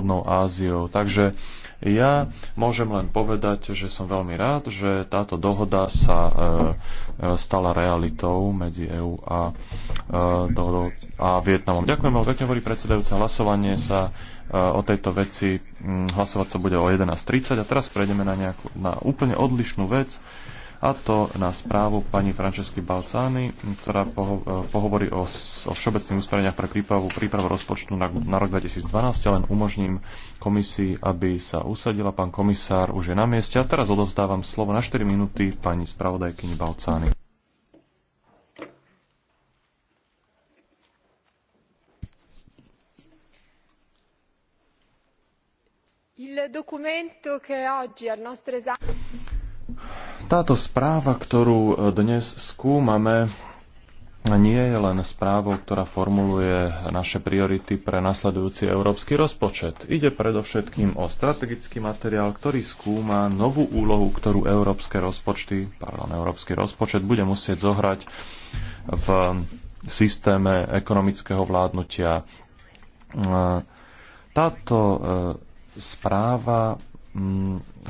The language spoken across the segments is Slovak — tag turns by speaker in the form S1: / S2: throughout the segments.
S1: Východnou Áziou. Takže ja môžem len povedať, že som veľmi rád, že táto dohoda sa e, e stala realitou medzi EÚ a, e, a Vietnamom. Ďakujem veľmi pekne, hovorí predsedajúca. Hlasovanie sa e, o tejto veci, hlasovať sa bude o 11.30 a teraz prejdeme na, nejakú, na úplne odlišnú vec a to na správu pani Francesky Balcány, ktorá poho- e, pohovorí o, o všeobecných usmereniach pre prípravu, prípravu rozpočtu na, na rok 2012. Ja len umožním komisii, aby sa usadila. Pán komisár už je na mieste a teraz odovzdávam slovo na 4 minúty pani spravodajkyni Balcány.
S2: il documento che oggi al nostro esame
S1: táto správa, ktorú e, dnes skúmame, nie je len správou, ktorá formuluje naše priority pre nasledujúci európsky rozpočet. Ide predovšetkým o strategický materiál, ktorý skúma novú úlohu, ktorú európske rozpočty, pardon, európsky rozpočet bude musieť zohrať v systéme ekonomického vládnutia. E, táto e, správa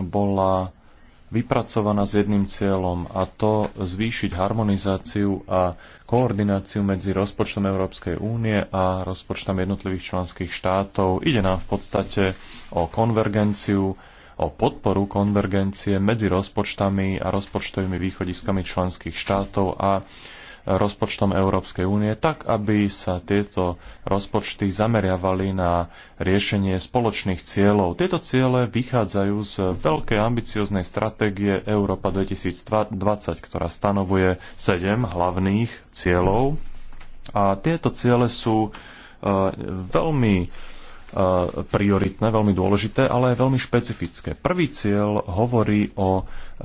S1: bola vypracovaná s jedným cieľom a to zvýšiť harmonizáciu a koordináciu medzi rozpočtom Európskej únie a rozpočtom jednotlivých členských štátov. Ide nám v podstate o konvergenciu, o podporu konvergencie medzi rozpočtami a rozpočtovými východiskami členských štátov a rozpočtom Európskej únie, tak aby sa tieto rozpočty zameriavali na riešenie spoločných cieľov. Tieto ciele vychádzajú z veľkej ambicioznej stratégie Európa 2020, ktorá stanovuje sedem hlavných cieľov. A tieto ciele sú e, veľmi e, prioritné, veľmi dôležité, ale aj veľmi špecifické. Prvý cieľ hovorí o e,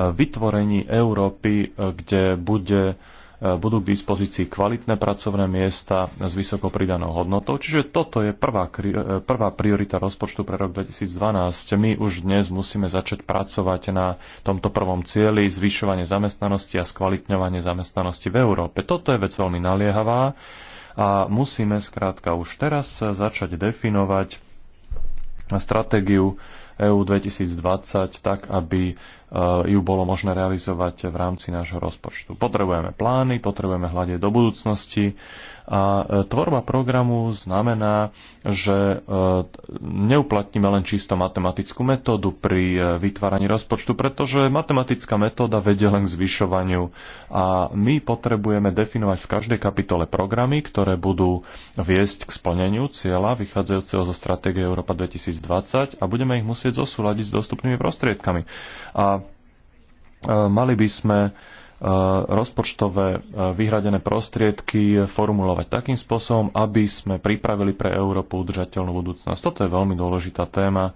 S1: vytvorení Európy, kde bude E, budú k dispozícii kvalitné pracovné miesta s vysoko pridanou hodnotou. Čiže toto je prvá, e, prvá priorita rozpočtu pre rok 2012. My už dnes musíme začať pracovať na tomto prvom cieli zvyšovanie zamestnanosti a skvalitňovanie zamestnanosti v Európe. Toto je vec veľmi naliehavá a musíme skrátka už teraz začať definovať stratégiu EU 2020 tak, aby e, ju bolo možné realizovať v rámci nášho rozpočtu. Potrebujeme plány, potrebujeme hľadieť do budúcnosti a e, tvorba programu znamená, že e, neuplatníme len čisto matematickú metódu pri e, vytváraní rozpočtu, pretože matematická metóda vedie len k zvyšovaniu. A my potrebujeme definovať v každej kapitole programy, ktoré budú viesť k splneniu cieľa vychádzajúceho zo stratégie Európa 2020 a budeme ich musieť zosúľadiť s dostupnými prostriedkami. A mali by sme E, rozpočtové e, vyhradené prostriedky formulovať takým spôsobom, aby sme pripravili pre Európu udržateľnú budúcnosť. Toto je veľmi dôležitá téma, e,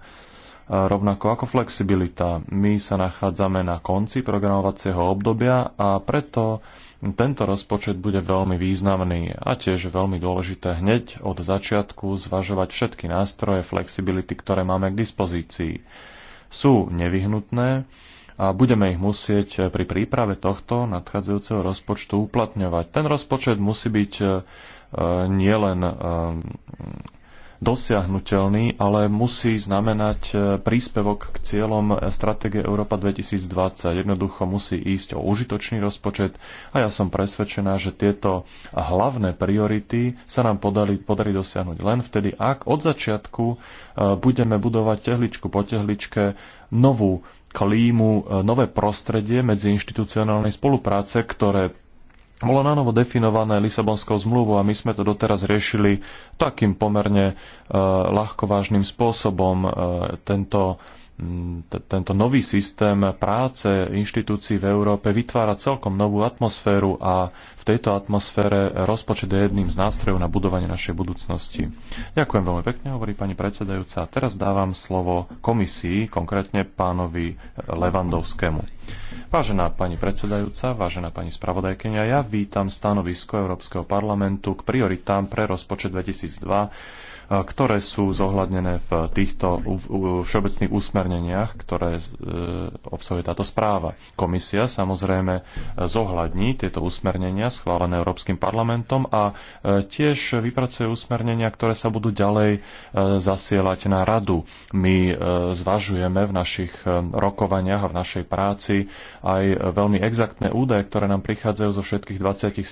S1: rovnako ako flexibilita. My sa nachádzame na konci programovacieho obdobia a preto tento rozpočet bude veľmi významný a tiež veľmi dôležité hneď od začiatku zvažovať všetky nástroje flexibility, ktoré máme k dispozícii. Sú nevyhnutné, a budeme ich musieť eh, pri príprave tohto nadchádzajúceho rozpočtu uplatňovať. Ten rozpočet musí byť eh, eh, nielen dosiahnutelný, ale musí znamenať príspevok k cieľom stratégie Európa 2020. Jednoducho musí ísť o užitočný rozpočet a ja som presvedčená, že tieto hlavné priority sa nám podali, podarí dosiahnuť len vtedy, ak od začiatku budeme budovať tehličku po tehličke novú klímu, e, nové prostredie medzi inštitucionálnej spolupráce, ktoré bolo na novo definované Lisabonskou zmluvou a my sme to doteraz riešili takým pomerne e, ľahkovážnym spôsobom. E, tento Mm, tento nový systém práce inštitúcií v Európe vytvára celkom novú atmosféru a v tejto atmosfére rozpočet je jedným z nástrojov na budovanie našej budúcnosti. Ďakujem veľmi pekne, hovorí pani predsedajúca. Teraz dávam slovo komisii, konkrétne pánovi Levandovskému. Vážená pani predsedajúca, vážená pani spravodajkenia, ja vítam stanovisko Európskeho parlamentu k prioritám pre rozpočet 2002 ktoré sú zohľadnené v týchto všeobecných usmerneniach, ktoré e, obsahuje táto správa. Komisia samozrejme zohľadní tieto usmernenia schválené Európskym parlamentom a e, tiež vypracuje usmernenia, ktoré sa budú ďalej e, zasielať na radu. My zvažujeme v našich rokovaniach a v našej práci aj veľmi exaktné údaje, ktoré nám prichádzajú zo všetkých 27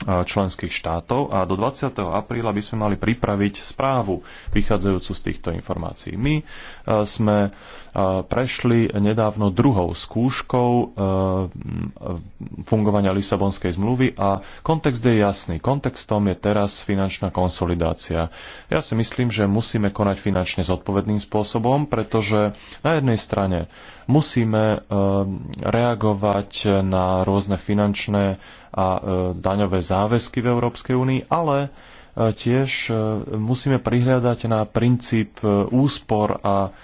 S1: E, členských štátov a do 20. apríla by sme mali pripraviť správu vychádzajúcu z týchto informácií. My e, sme e, prešli nedávno druhou skúškou fungovania Lisabonskej zmluvy a kontext je jasný. Kontextom je teraz finančná konsolidácia. Ja si myslím, že musíme konať finančne zodpovedným spôsobom, pretože na jednej strane musíme eh, reagovať na rôzne finančné a eh, daňové záväzky v Európskej únii, ale eh, tiež musíme prihľadať na princíp úspor a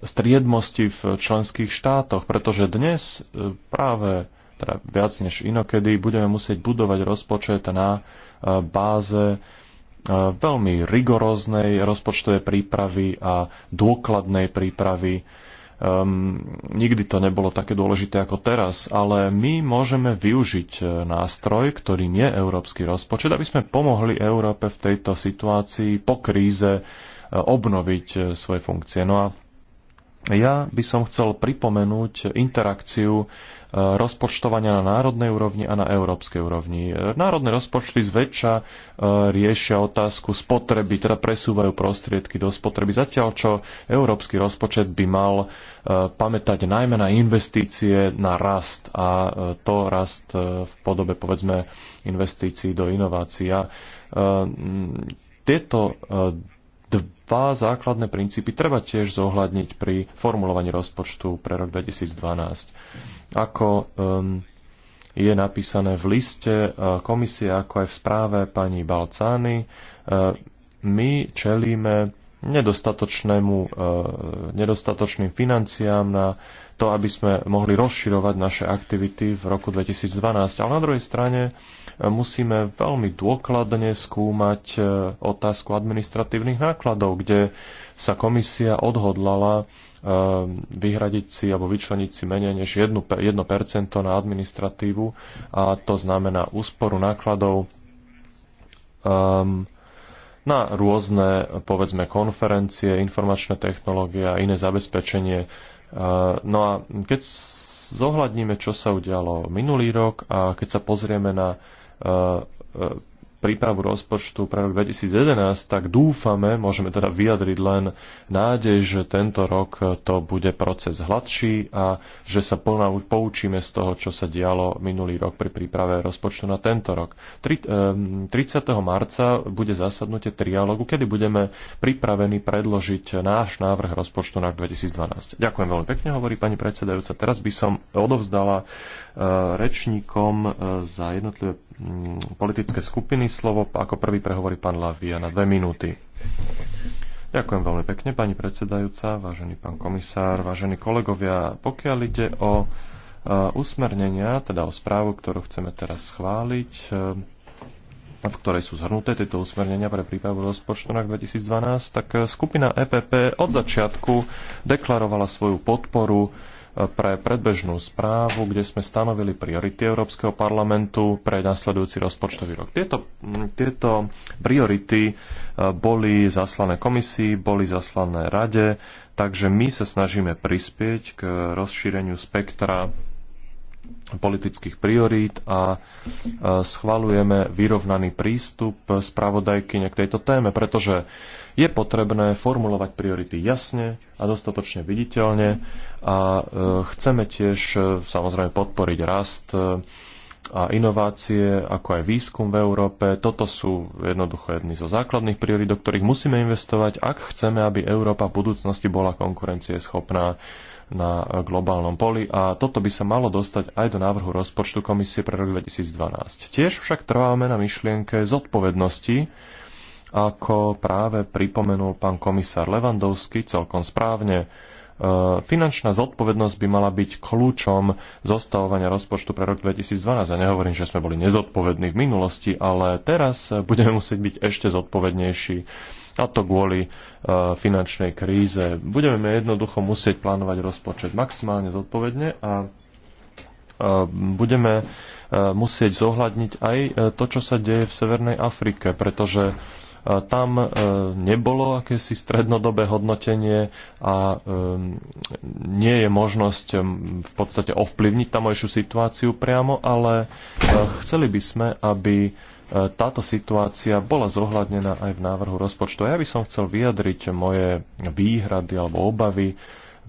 S1: striedmosti v členských štátoch, pretože dnes práve teda viac než inokedy budeme musieť budovať rozpočet na báze E, veľmi rigoróznej rozpočtovej prípravy a dôkladnej prípravy. Um, nikdy to nebolo také dôležité ako teraz, ale my môžeme využiť e, nástroj, ktorý nie je európsky rozpočet, aby sme pomohli Európe v tejto situácii po kríze e, obnoviť svoje funkcie. No a ja by som chcel pripomenúť interakciu e, rozpočtovania na národnej úrovni a na európskej úrovni. E, národné rozpočty zväčša e, riešia otázku spotreby, teda presúvajú prostriedky do spotreby, zatiaľ čo európsky rozpočet by mal pamätať najmä na investície, na rast a to rast v podobe povedzme investícií do inovácií. A tieto Dva základné princípy treba tiež zohľadniť pri formulovaní rozpočtu pre rok 2012. Ako um, je napísané v liste e, komisie, ako aj v správe pani Balcány, e, my čelíme nedostatočnému, e, nedostatočným financiám na to, aby sme mohli rozširovať naše aktivity v roku 2012. Ale na druhej strane musíme veľmi dôkladne skúmať e, otázku administratívnych nákladov, kde sa komisia odhodlala e, vyhradiť si alebo vyčleniť si menej než 1%, na administratívu a to znamená úsporu nákladov ehm, na rôzne, povedzme, konferencie, informačné technológie a iné zabezpečenie. E, no a keď zohľadníme, čo sa udialo minulý rok a keď sa pozrieme na uh, prípravu rozpočtu pre rok 2011, tak dúfame, môžeme teda vyjadriť len nádej, že tento rok to bude proces hladší a že sa poučíme z toho, čo sa dialo minulý rok pri príprave rozpočtu na tento rok. 30. Eh, marca bude zasadnutie trialogu, kedy budeme pripravení predložiť náš návrh rozpočtu na rok 2012. Ďakujem veľmi pekne, hovorí pani predsedajúca. Teraz by som odovzdala eh, rečníkom eh, za jednotlivé mm, politické skupiny Slovo ako prvý prehovorí pán Lavia na dve minúty. Ďakujem veľmi pekne, pani predsedajúca, vážený pán komisár, vážení kolegovia. Pokiaľ ide o e, usmernenia, teda o správu, ktorú chceme teraz schváliť, e, v ktorej sú zhrnuté tieto usmernenia pre prípravu rozpočtu na 2012, tak skupina EPP od začiatku deklarovala svoju podporu pre predbežnú správu, kde sme stanovili priority Európskeho parlamentu pre nasledujúci rozpočtový rok. Tieto, tieto priority e, boli zaslané komisii, boli zaslané rade, takže my sa snažíme prispieť k rozšíreniu spektra politických priorít a e, schvalujeme vyrovnaný prístup spravodajky k tejto téme, pretože je potrebné formulovať priority jasne a dostatočne viditeľne a e, chceme tiež e, samozrejme podporiť rast e, a inovácie, ako aj výskum v Európe. Toto sú jednoducho jedny zo základných priorít, do ktorých musíme investovať, ak chceme, aby Európa v budúcnosti bola konkurencieschopná na globálnom poli a toto by sa malo dostať aj do návrhu rozpočtu Komisie pre rok 2012. Tiež však trváme na myšlienke zodpovednosti ako práve pripomenul pán komisár Levandovský celkom správne, e, finančná zodpovednosť by mala byť kľúčom zostavovania rozpočtu pre rok 2012. Ja nehovorím, že sme boli nezodpovední v minulosti, ale teraz budeme musieť byť ešte zodpovednejší a to kvôli e, finančnej kríze. Budeme jednoducho musieť plánovať rozpočet maximálne zodpovedne a e, budeme musieť zohľadniť aj to, čo sa deje v Severnej Afrike, pretože tam e, nebolo akési strednodobé hodnotenie a e, nie je možnosť v podstate ovplyvniť tamojšiu situáciu priamo, ale e, chceli by sme, aby táto situácia bola zohľadnená aj v návrhu rozpočtu. Ja by som chcel vyjadriť moje výhrady alebo obavy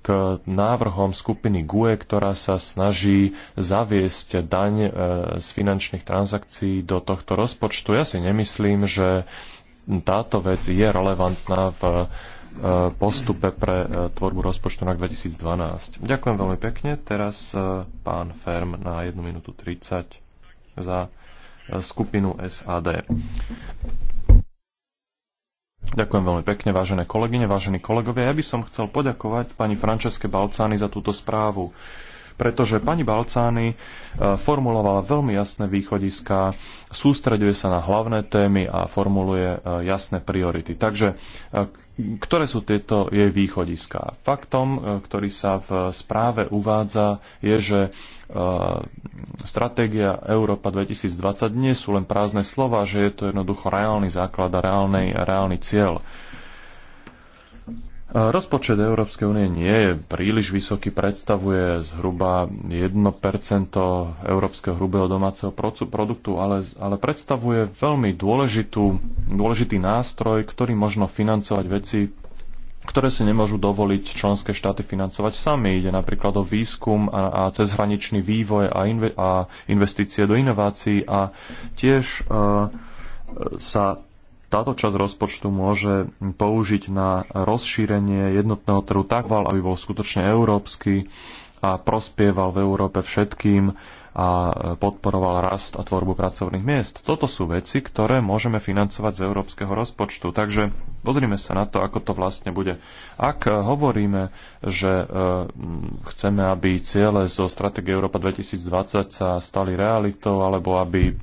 S1: k návrhom skupiny GUE, ktorá sa snaží zaviesť daň z finančných transakcií do tohto rozpočtu. Ja si nemyslím, že táto vec je relevantná v e, postupe pre e, tvorbu rozpočtu na 2012. Ďakujem veľmi pekne. Teraz e, pán Ferm na 1 minútu 30 za skupinu SAD. Ďakujem veľmi pekne, vážené kolegyne, vážení kolegovia. Ja by som chcel poďakovať pani Franceske Balcány za túto správu pretože pani Balcány e, formulovala veľmi jasné východiska, sústreďuje sa na hlavné témy a formuluje e, jasné priority. Takže e, ktoré sú tieto jej východiska? Faktom, ktorý sa v správe uvádza, je, že stratégia Európa 2020 nie sú len prázdne slova, že je to jednoducho reálny základ a reálny, reálny cieľ Rozpočet Európskej únie nie je príliš vysoký, predstavuje zhruba 1% európskeho hrubého domáceho produktu, ale, ale predstavuje veľmi dôležitú, dôležitý nástroj, ktorý možno financovať veci, ktoré si nemôžu dovoliť členské štáty financovať sami. Ide napríklad o výskum a, a cezhraničný vývoj a, inve, a investície do inovácií a tiež uh, sa táto časť rozpočtu môže použiť na rozšírenie jednotného trhu tak, aby bol skutočne európsky a prospieval v Európe všetkým a podporoval rast a tvorbu pracovných miest. Toto sú veci, ktoré môžeme financovať z európskeho rozpočtu. Takže pozrime sa na to, ako to vlastne bude. Ak hovoríme, že e, chceme, aby ciele zo stratégie Európa 2020 sa stali realitou, alebo aby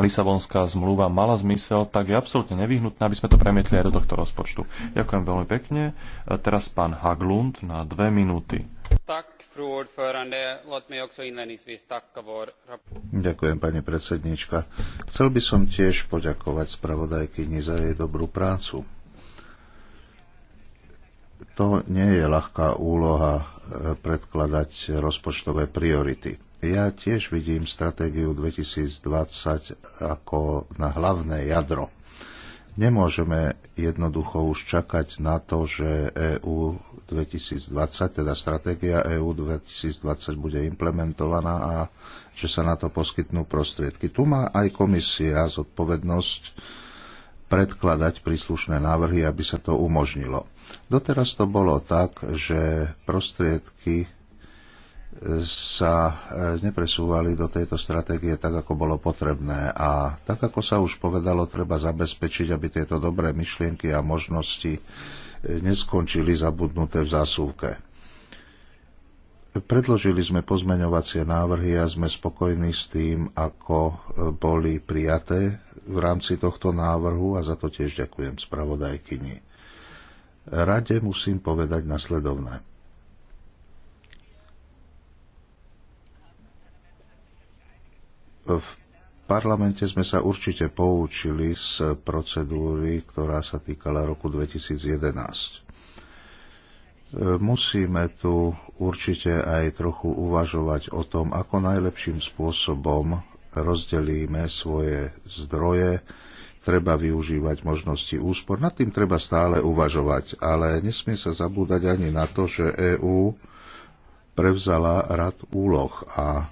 S1: Lisabonská zmluva mala zmysel, tak je absolútne nevyhnutné, aby sme to premietli aj do tohto rozpočtu. Ďakujem veľmi pekne. E, teraz pán Haglund na dve minúty.
S3: Ďakujem, pani predsednička. Chcel by som tiež poďakovať spravodajkyni za jej dobrú prácu. To nie je ľahká úloha e, predkladať rozpočtové priority ja tiež vidím stratégiu 2020 ako na hlavné jadro. Nemôžeme jednoducho už čakať na to, že EU 2020, teda stratégia EU 2020 bude implementovaná a že sa na to poskytnú prostriedky. Tu má aj komisia zodpovednosť predkladať príslušné návrhy, aby sa to umožnilo. Doteraz to bolo tak, že prostriedky sa eh, nepresúvali do tejto stratégie tak, ako bolo potrebné. A tak, ako sa už povedalo, treba zabezpečiť, aby tieto dobré myšlienky a možnosti eh, neskončili zabudnuté v zásuvke. Predložili sme pozmeňovacie návrhy a sme spokojní s tým, ako eh, boli prijaté v rámci tohto návrhu a za to tiež ďakujem spravodajkyni. Rade musím povedať nasledovné v parlamente sme sa určite poučili z procedúry, ktorá sa týkala roku 2011. Musíme tu určite aj trochu uvažovať o tom, ako najlepším spôsobom rozdelíme svoje zdroje, treba využívať možnosti úspor. Nad tým treba stále uvažovať, ale nesmie sa zabúdať ani na to, že EÚ prevzala rad úloh a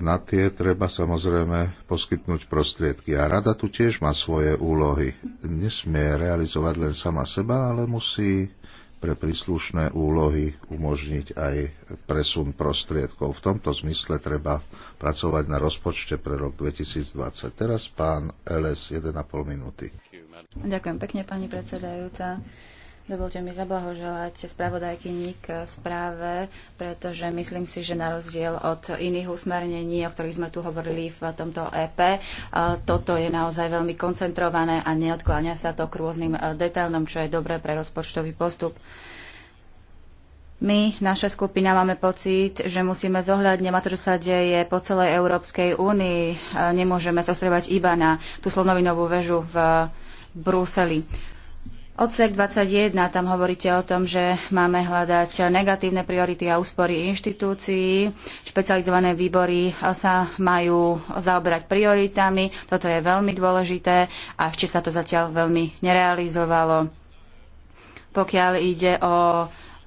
S3: na tie treba samozrejme poskytnúť prostriedky. A rada tu tiež má svoje úlohy. Nesmie realizovať len sama seba, ale musí pre príslušné úlohy umožniť aj presun prostriedkov. V tomto zmysle treba pracovať na rozpočte pre rok 2020. Teraz pán LS 1,5 minúty.
S4: Ďakujem pekne, pani predsedajúca. Dovolte mi zablahoželať spravodajky k správe, pretože myslím si, že na rozdiel od iných usmernení, o ktorých sme tu hovorili v tomto EP, toto je naozaj veľmi koncentrované a neodkláňa sa to k rôznym detailnom, čo je dobré pre rozpočtový postup. My, naša skupina, máme pocit, že musíme zohľadňovať to, čo sa deje po celej Európskej únii. Nemôžeme sa iba na tú slonovinovú väžu v Bruseli. Odsek 21, tam hovoríte o tom, že máme hľadať negatívne priority a úspory inštitúcií. Špecializované výbory sa majú zaoberať prioritami. Toto je veľmi dôležité a ešte sa to zatiaľ veľmi nerealizovalo. Pokiaľ ide o,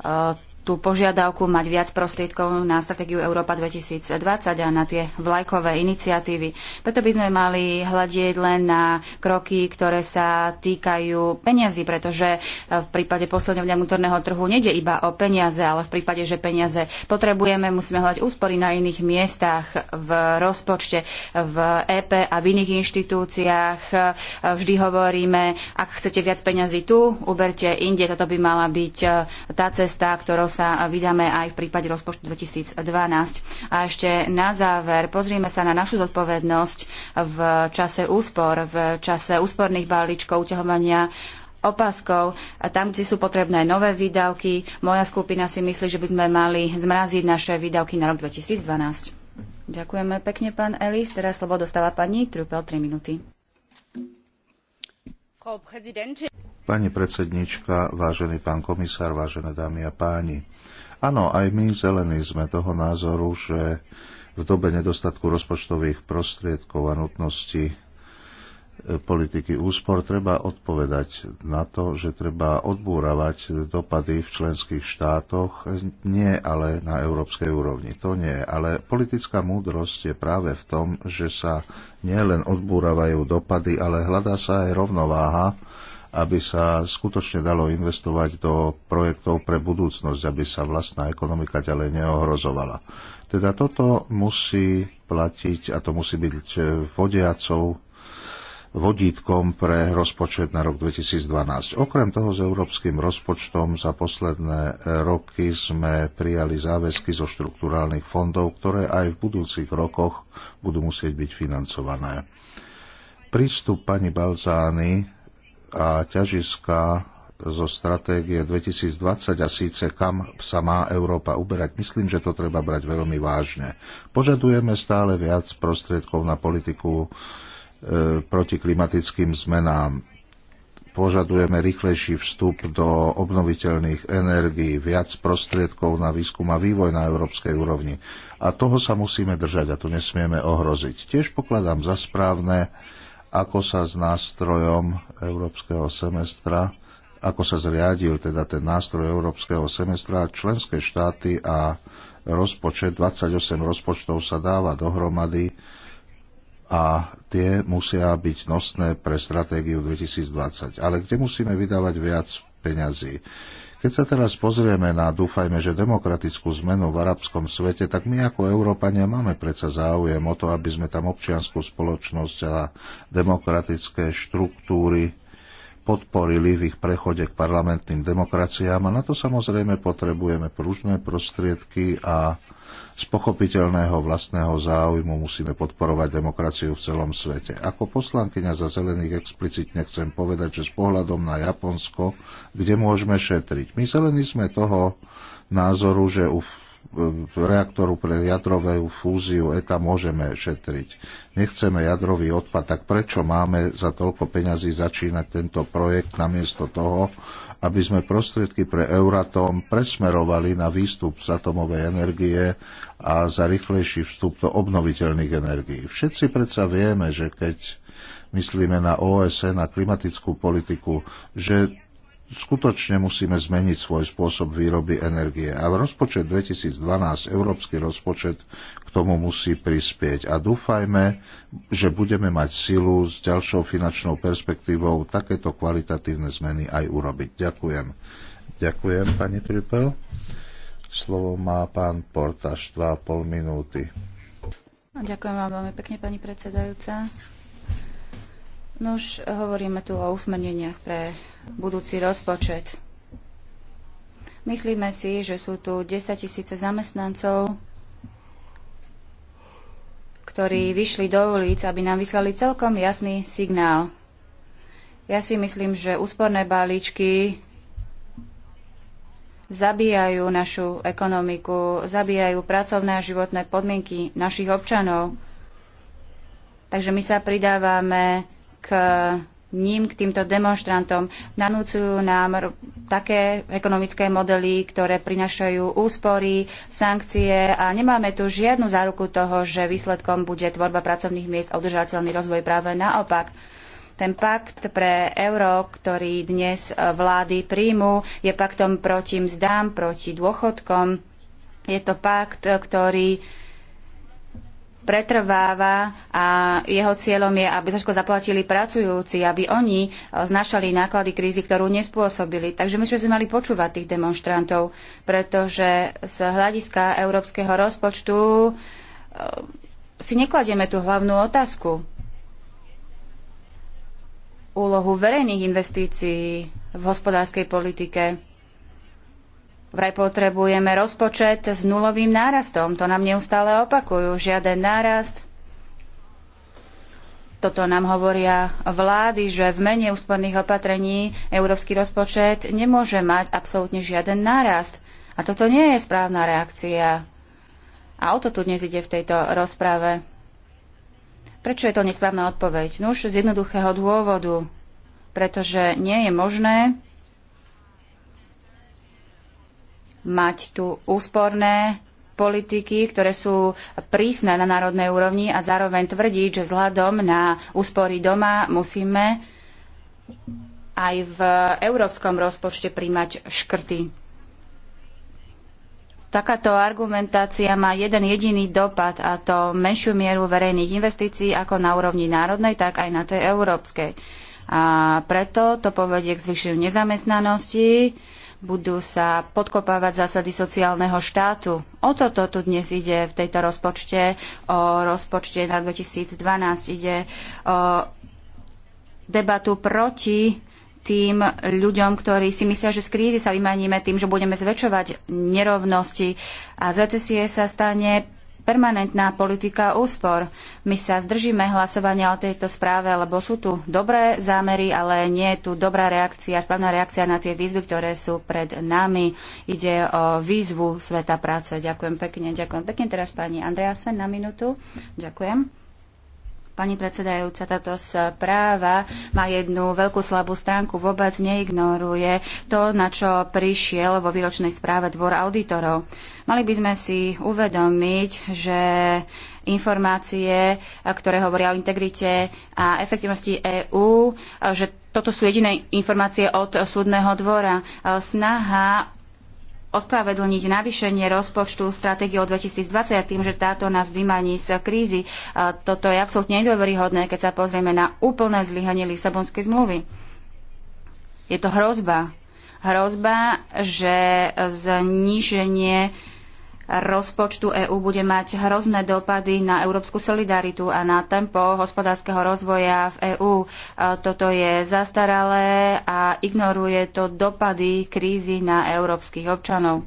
S4: o tú požiadavku mať viac prostriedkov na stratégiu Európa 2020 a na tie vlajkové iniciatívy. Preto by sme mali hľadieť len na kroky, ktoré sa týkajú peniazy, pretože e, v prípade posledňovňa vnútorného trhu nede iba o peniaze, ale v prípade, že peniaze potrebujeme, musíme hľadať úspory na iných miestach, v rozpočte, v EP a v iných inštitúciách. E, vždy hovoríme, ak chcete viac peniazy tu, uberte inde. Toto by mala byť e, tá cesta, ktorou sa vydáme aj v prípade rozpočtu 2012. A ešte na záver pozrieme sa na našu zodpovednosť v čase úspor, v čase úsporných balíčkov, uťahovania opaskov a tam, kde sú potrebné nové výdavky. Moja skupina si myslí, že by sme mali zmraziť naše výdavky na rok 2012. Ďakujeme pekne, pán Elis. Teraz slovo dostáva pani Trupel 3 minúty.
S3: Pani predsednička, vážený pán komisár, vážené dámy a páni. Áno, aj my zelení sme toho názoru, že v dobe nedostatku rozpočtových prostriedkov a nutnosti e, politiky úspor treba odpovedať na to, že treba odbúravať dopady v členských štátoch, nie ale na európskej úrovni. To nie, ale politická múdrosť je práve v tom, že sa nielen odbúravajú dopady, ale hľadá sa aj rovnováha aby sa skutočne dalo investovať do projektov pre budúcnosť, aby sa vlastná ekonomika ďalej neohrozovala. Teda toto musí platiť a to musí byť e, vodiacou vodítkom pre rozpočet na rok 2012. Okrem toho s európskym rozpočtom za posledné e, roky sme prijali záväzky zo štrukturálnych fondov, ktoré aj v budúcich rokoch budú musieť byť financované. Prístup pani Balzány a ťažiska zo stratégie 2020 a síce kam sa má Európa uberať. Myslím, že to treba brať veľmi vážne. Požadujeme stále viac prostriedkov na politiku e, proti klimatickým zmenám. Požadujeme rýchlejší vstup do obnoviteľných energií, viac prostriedkov na výskum a vývoj na európskej úrovni. A toho sa musíme držať a to nesmieme ohroziť. Tiež pokladám za správne, ako sa s nástrojom európskeho semestra, ako sa zriadil teda ten nástroj európskeho semestra, členské štáty a rozpočet, 28 rozpočtov sa dáva dohromady a tie musia byť nosné pre stratégiu 2020. Ale kde musíme vydávať viac peňazí? Keď sa teraz pozrieme na, dúfajme, že demokratickú zmenu v arabskom svete, tak my ako Európania máme predsa záujem o to, aby sme tam občianskú spoločnosť a demokratické štruktúry podporili v ich prechode k parlamentným demokraciám a na to samozrejme potrebujeme pružné prostriedky a z pochopiteľného vlastného záujmu musíme podporovať demokraciu v celom svete. Ako poslankyňa za zelených explicitne chcem povedať, že s pohľadom na Japonsko, kde môžeme šetriť. My zelení sme toho názoru, že u e, reaktoru pre jadrovú fúziu ETA môžeme šetriť. Nechceme jadrový odpad, tak prečo máme za toľko peňazí začínať tento projekt namiesto toho, aby sme prostriedky pre Euratom presmerovali na výstup z atomovej energie a za rýchlejší vstup do obnoviteľných energií. Všetci predsa vieme, že keď myslíme na OSN a klimatickú politiku, že skutočne musíme zmeniť svoj spôsob výroby energie. A v rozpočet 2012, európsky rozpočet, k tomu musí prispieť. A dúfajme, že budeme mať silu s ďalšou finančnou perspektívou takéto kvalitatívne zmeny aj urobiť. Ďakujem. Ďakujem, pani Trippel. Slovo má pán Portaš, 2,5 minúty.
S4: Ďakujem vám veľmi pekne, pani predsedajúca. No už hovoríme tu o usmerneniach pre budúci rozpočet. Myslíme si, že sú tu 10 tisíce zamestnancov, ktorí vyšli do ulic, aby nám vyslali celkom jasný signál. Ja si myslím, že úsporné balíčky zabíjajú našu ekonomiku, zabíjajú pracovné a životné podmienky našich občanov. Takže my sa pridávame k ním, k týmto demonstrantom. Nanúcujú nám také ekonomické modely, ktoré prinašajú úspory, sankcie a nemáme tu žiadnu záruku toho, že výsledkom bude tvorba pracovných miest a udržateľný rozvoj práve naopak. Ten pakt pre euro, ktorý dnes e, vlády príjmu, je paktom proti mzdám, proti dôchodkom. Je to pakt, e, ktorý pretrváva a jeho cieľom je, aby ťažko zaplatili pracujúci, aby oni e, znašali náklady krízy, ktorú nespôsobili. Takže my sme mali počúvať tých demonstrantov, pretože z hľadiska európskeho rozpočtu e, si nekladieme tú hlavnú otázku. Úlohu verejných investícií v hospodárskej politike Vraj potrebujeme rozpočet s nulovým nárastom. To nám neustále opakujú. Žiaden nárast. Toto nám hovoria vlády, že v mene úsporných opatrení európsky rozpočet nemôže mať absolútne žiaden nárast. A toto nie je správna reakcia. A o to tu dnes ide v tejto rozprave. Prečo je to nesprávna odpoveď? No už z jednoduchého dôvodu. Pretože nie je možné, mať tu úsporné politiky, ktoré sú prísne na národnej úrovni a zároveň tvrdiť, že vzhľadom na úspory doma musíme aj v európskom rozpočte príjmať škrty. Takáto argumentácia má jeden jediný dopad a to menšiu mieru verejných investícií ako na úrovni národnej, tak aj na tej európskej. A preto to povedie k zvyšeniu nezamestnanosti, budú sa podkopávať zásady sociálneho štátu. O toto tu dnes ide v tejto rozpočte, o rozpočte na 2012 ide o debatu proti tým ľuďom, ktorí si myslia, že z krízy sa vymaníme tým, že budeme zväčšovať nerovnosti a z recesie sa stane permanentná politika úspor. My sa zdržíme hlasovania o tejto správe, lebo sú tu dobré zámery, ale nie je tu dobrá reakcia, správna reakcia na tie výzvy, ktoré sú pred nami. Ide o výzvu sveta práce. Ďakujem pekne, ďakujem pekne. Teraz pani Andreasen na minútu. Ďakujem. Pani predsedajúca, táto správa má jednu veľkú slabú stránku, vôbec neignoruje to, na čo prišiel vo výročnej správe dvor auditorov. Mali by sme si uvedomiť, že informácie, ktoré hovoria o integrite a efektivnosti EÚ, že toto sú jediné informácie od súdneho dvora. Snaha ospravedlniť navýšenie rozpočtu stratégie od 2020 tým, že táto nás vymaní z krízy. Toto je absolútne nedôveryhodné, keď sa pozrieme na úplné zlyhanie Lisabonskej zmluvy. Je to hrozba. Hrozba, že zníženie rozpočtu EÚ bude mať hrozné dopady na európsku solidaritu a na tempo hospodárskeho rozvoja v EÚ. Toto je zastaralé a ignoruje to dopady krízy na európskych občanov.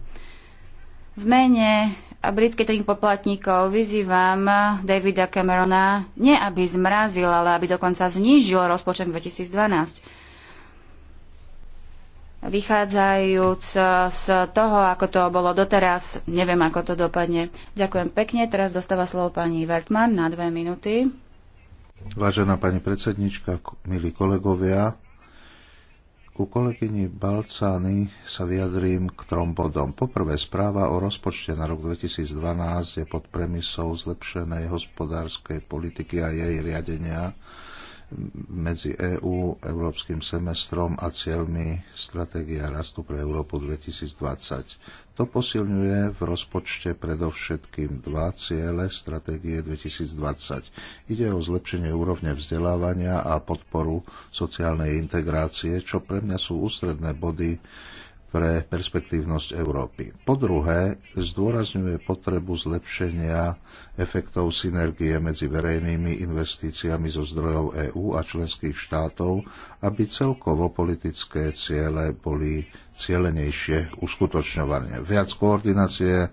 S4: V mene britských tým poplatníkov vyzývam Davida Camerona, nie aby zmrazil, ale aby dokonca znížil rozpočet 2012 vychádzajúc e, z toho, ako to bolo doteraz, neviem, ako to dopadne. Ďakujem pekne. Teraz dostáva slovo pani Vertman na dve minúty.
S3: Vážená pani predsednička, milí kolegovia, ku kolegyni Balcány sa vyjadrím k trom bodom. Poprvé, správa o rozpočte na rok 2012 je pod premisou zlepšenej hospodárskej politiky a jej riadenia medzi EÚ, Európskym semestrom a cieľmi Stratégia rastu pre Európu 2020. To posilňuje v rozpočte predovšetkým dva ciele Stratégie 2020. Ide o zlepšenie úrovne vzdelávania a podporu sociálnej integrácie, čo pre mňa sú ústredné body pre perspektívnosť Európy. Po druhé, zdôrazňuje potrebu zlepšenia efektov synergie medzi verejnými investíciami zo zdrojov EÚ a členských štátov, aby celkovo politické ciele boli cielenejšie uskutočňovanie. Viac koordinácie,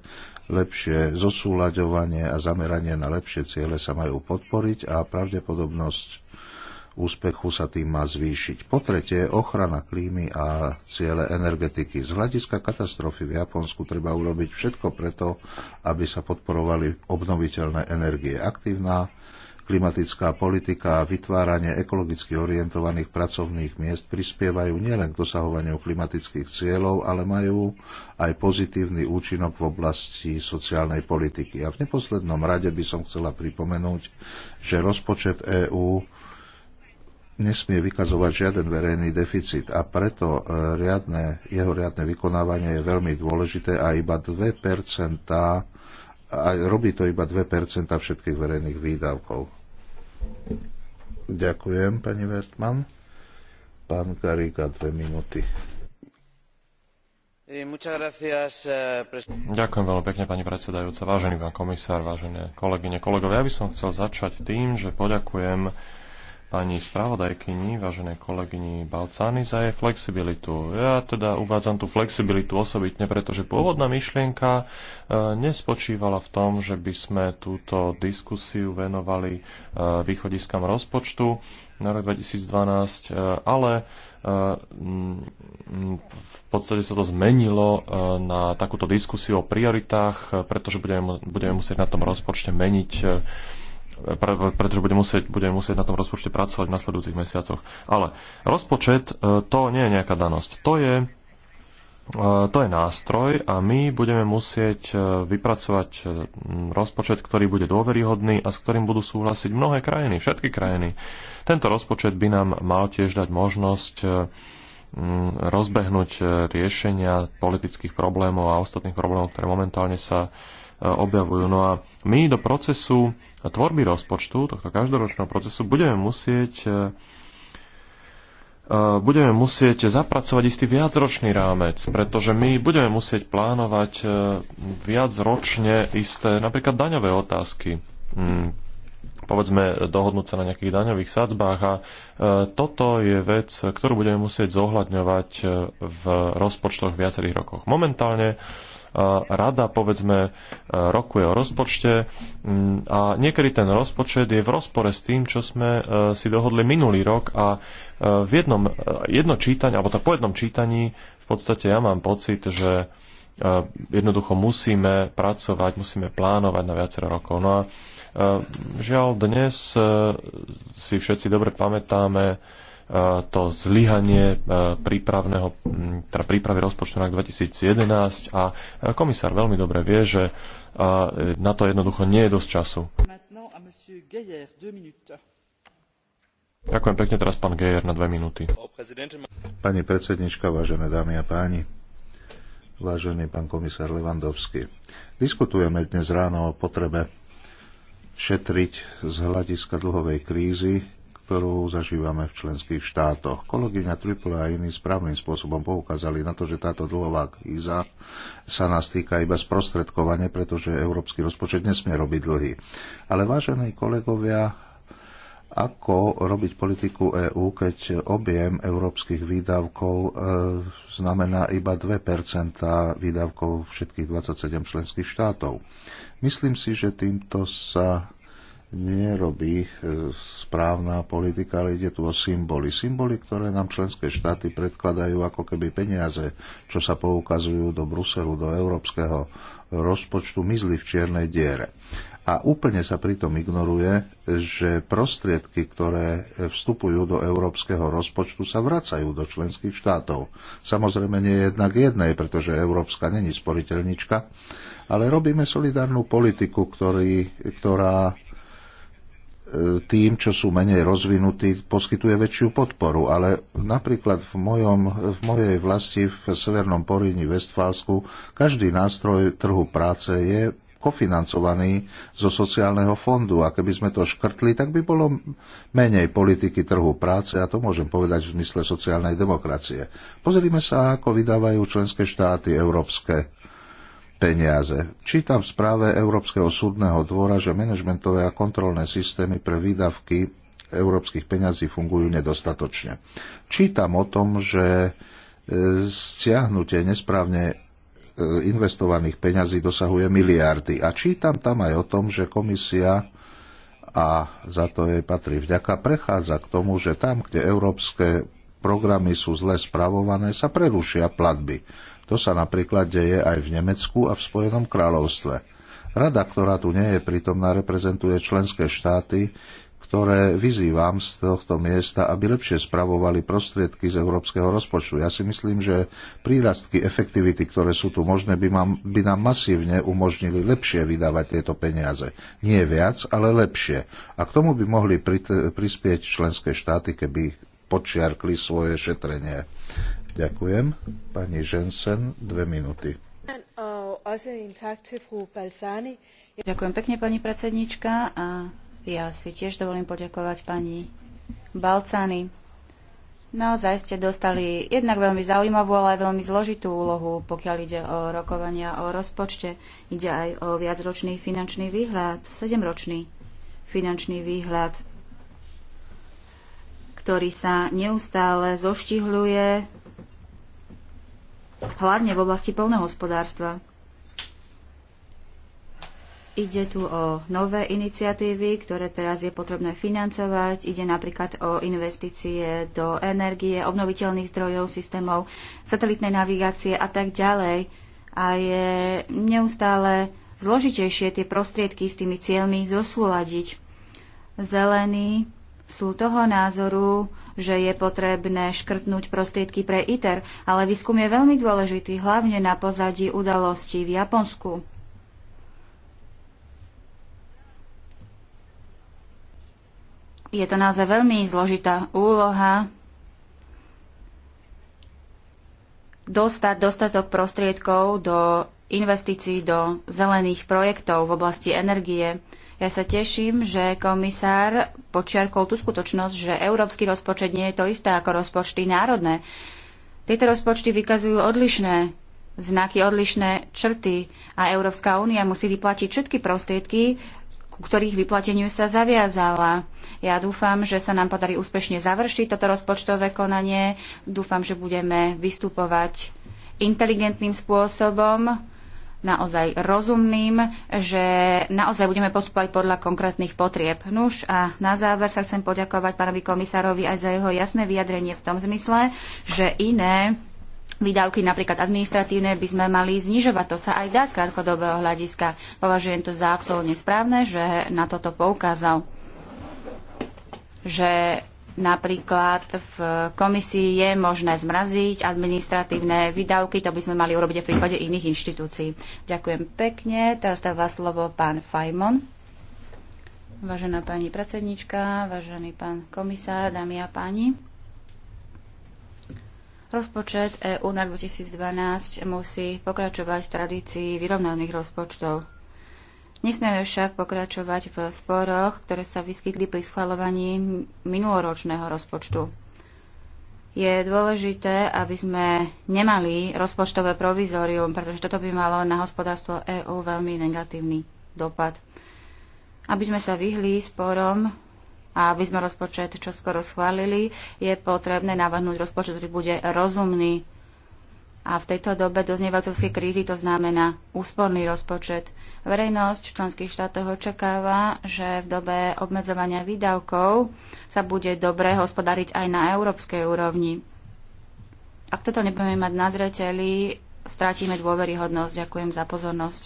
S3: lepšie zosúľaďovanie a zameranie na lepšie ciele sa majú podporiť a pravdepodobnosť úspechu sa tým má zvýšiť. Po tretie, ochrana klímy a ciele energetiky. Z hľadiska katastrofy v Japonsku treba urobiť všetko preto, aby sa podporovali obnoviteľné energie. Aktívna klimatická politika a vytváranie ekologicky orientovaných pracovných miest prispievajú nielen k dosahovaniu klimatických cieľov, ale majú aj pozitívny účinok v oblasti sociálnej politiky. A v neposlednom rade by som chcela pripomenúť, že rozpočet EÚ nesmie vykazovať žiaden verejný deficit a preto e, riadne, jeho riadne vykonávanie je veľmi dôležité a iba 2% a robí to iba 2% všetkých verejných výdavkov. Ďakujem, pani Westman. Pán Karika, dve minúty. Eh, Ďakujem veľmi pekne,
S1: pani predsedajúca. Vážený pán komisár, vážené kolegyne, kolegovia, ja by som chcel začať tým, že poďakujem pani spravodajkyni, vážené kolegyni Balcány, za jej flexibilitu. Ja teda uvádzam tú flexibilitu osobitne, pretože pôvodná myšlienka e, nespočívala v tom, že by sme túto diskusiu venovali e, východiskám rozpočtu na rok 2012, e, ale v podstate sa to zmenilo na takúto diskusiu o prioritách, pretože budeme, budeme musieť na tom rozpočte meniť pretože budeme musieť, bude musieť na tom rozpočte pracovať v nasledujúcich mesiacoch. Ale rozpočet e, to nie je nejaká danosť. To je, e, to je nástroj a my budeme musieť e, vypracovať rozpočet, ktorý bude dôveryhodný a s ktorým budú súhlasiť mnohé krajiny, všetky krajiny. Tento rozpočet by nám mal tiež dať možnosť rozbehnúť riešenia politických problémov a ostatných problémov, ktoré momentálne sa objavujú. No a my do procesu tvorby rozpočtu, tohto každoročného procesu, budeme musieť e, e, budeme musieť zapracovať istý viacročný rámec, pretože my budeme musieť plánovať e, viacročne isté napríklad daňové otázky. Mm, povedzme, dohodnúť sa na nejakých daňových sadzbách a toto je vec, ktorú budeme musieť zohľadňovať v rozpočtoch v viacerých rokoch. Momentálne rada, povedzme, e, rokuje o rozpočte mm, a niekedy ten rozpočet je v rozpore s tým, čo sme e, si dohodli minulý rok a e, v jednom, jedno čítaní, alebo po jednom čítaní v podstate ja mám pocit, že jednoducho musíme pracovať, musíme plánovať na viacero rokov. No a žiaľ, dnes si všetci dobre pamätáme to zlyhanie e, prípravného, teda prípravy rozpočtu na 2011 a e, komisár veľmi dobre vie, že e, na to jednoducho nie je dosť času.
S3: Ďakujem pekne, teraz pán Gejer na dve minúty. Pani predsednička, vážené dámy a páni, vážený pán komisár Levandovský. Diskutujeme dnes ráno o potrebe šetriť z hľadiska dlhovej krízy ktorú zažívame v členských štátoch. Kolegyňa Triple a iní správnym spôsobom poukázali na to, že táto dlhová kríza sa nás týka iba sprostredkovane, pretože európsky rozpočet nesmie robiť dlhy. Ale vážení kolegovia, ako robiť politiku EÚ, keď objem európskych výdavkov e, znamená iba 2 výdavkov všetkých 27 členských štátov. Myslím si, že týmto sa nerobí e, správna politika, ale ide tu o symboly. Symboly, ktoré nám členské štáty predkladajú ako keby peniaze, čo sa poukazujú do Bruselu, do európskeho rozpočtu, mizli v čiernej diere. A úplne sa pritom ignoruje, že prostriedky, ktoré vstupujú do európskeho rozpočtu, sa vracajú do členských štátov. Samozrejme nie jednak jednej, pretože Európska není sporiteľnička, ale robíme solidárnu politiku, ktorý, ktorá tým, čo sú menej rozvinutí, poskytuje väčšiu podporu. Ale napríklad v, mojom, v mojej vlasti v Severnom Poríni, Vestfálsku, každý nástroj trhu práce je kofinancovaný zo sociálneho fondu. A keby sme to škrtli, tak by bolo menej politiky trhu práce, a to môžem povedať v zmysle sociálnej demokracie. Pozrime sa, ako vydávajú členské štáty európske peniaze. Čítam v správe Európskeho súdneho dvora, že manažmentové a kontrolné systémy pre výdavky európskych peňazí fungujú nedostatočne. Čítam o tom, že e, stiahnutie nesprávne e, investovaných peňazí dosahuje miliardy. A čítam tam aj o tom, že komisia a za to jej patrí vďaka, prechádza k tomu, že tam, kde európske programy sú zle spravované, sa prerušia platby. To sa napríklad deje aj v Nemecku a v Spojenom kráľovstve. Rada, ktorá tu nie je prítomná, reprezentuje členské štáty, ktoré vyzývam z tohto miesta, aby lepšie spravovali prostriedky z európskeho rozpočtu. Ja si myslím, že prírastky efektivity, ktoré sú tu možné, by, mám, by nám masívne umožnili lepšie vydávať tieto peniaze. Nie viac, ale lepšie. A k tomu by mohli prispieť členské štáty, keby počiarkli svoje šetrenie. Ďakujem. Pani Jensen, dve minúty.
S4: Ďakujem pekne, pani predsednička. A ja si tiež dovolím poďakovať pani Balcány. Naozaj ste dostali jednak veľmi zaujímavú, ale aj veľmi zložitú úlohu, pokiaľ ide o rokovania o rozpočte. Ide aj o viacročný finančný výhľad, sedemročný finančný výhľad, ktorý sa neustále zoštihľuje, hlavne v oblasti polnohospodárstva. Ide tu o nové iniciatívy, ktoré teraz je potrebné financovať. Ide napríklad o investície do energie, obnoviteľných zdrojov, systémov, satelitnej navigácie a tak ďalej. A je neustále zložitejšie tie prostriedky s tými cieľmi zosúľadiť. Zelení sú toho názoru, že je potrebné škrtnúť prostriedky pre ITER, ale výskum je veľmi dôležitý, hlavne na pozadí udalostí v Japonsku. Je to naozaj veľmi zložitá úloha dostať dostatok prostriedkov do investícií do zelených projektov v oblasti energie. Ja sa teším, že komisár počiarkol tú skutočnosť, že európsky rozpočet nie je to isté ako rozpočty národné. Tieto rozpočty vykazujú odlišné znaky, odlišné črty a Európska únia musí vyplatiť všetky prostriedky, ku ktorých vyplateniu sa zaviazala. Ja dúfam, že sa nám podarí úspešne završiť toto rozpočtové konanie. Dúfam, že budeme vystupovať inteligentným spôsobom naozaj rozumným, že naozaj budeme postupovať podľa konkrétnych potrieb. Nuž a na záver sa chcem poďakovať pánovi komisárovi aj za jeho jasné vyjadrenie v tom zmysle, že iné výdavky napríklad administratívne by sme mali znižovať. To sa aj dá z krátkodobého hľadiska. Považujem to za absolútne správne, že na toto poukázal že Napríklad v komisii je možné zmraziť administratívne výdavky, to by sme mali urobiť aj v prípade iných inštitúcií. Ďakujem pekne. Teraz dáva slovo pán Fajmon. Vážená pani predsednička, vážený pán komisár, dámy a páni. Rozpočet EU na 2012 musí pokračovať v tradícii vyrovnaných rozpočtov. Nesmieme však pokračovať v sporoch, ktoré sa vyskytli pri schvalovaní minuloročného rozpočtu. Je dôležité, aby sme nemali rozpočtové provizorium, pretože toto by malo na hospodárstvo EÚ veľmi negatívny dopad. Aby sme sa vyhli sporom a aby sme rozpočet čoskoro schválili, je potrebné navrhnúť rozpočet, ktorý bude rozumný. A v tejto dobe doznievacovskej krízy to znamená úsporný rozpočet – Verejnosť v členských štátoch očakáva, že v dobe obmedzovania výdavkov sa bude dobre hospodariť aj na európskej úrovni. Ak toto nebudeme mať na zreteli, strátime dôveryhodnosť. Ďakujem za pozornosť.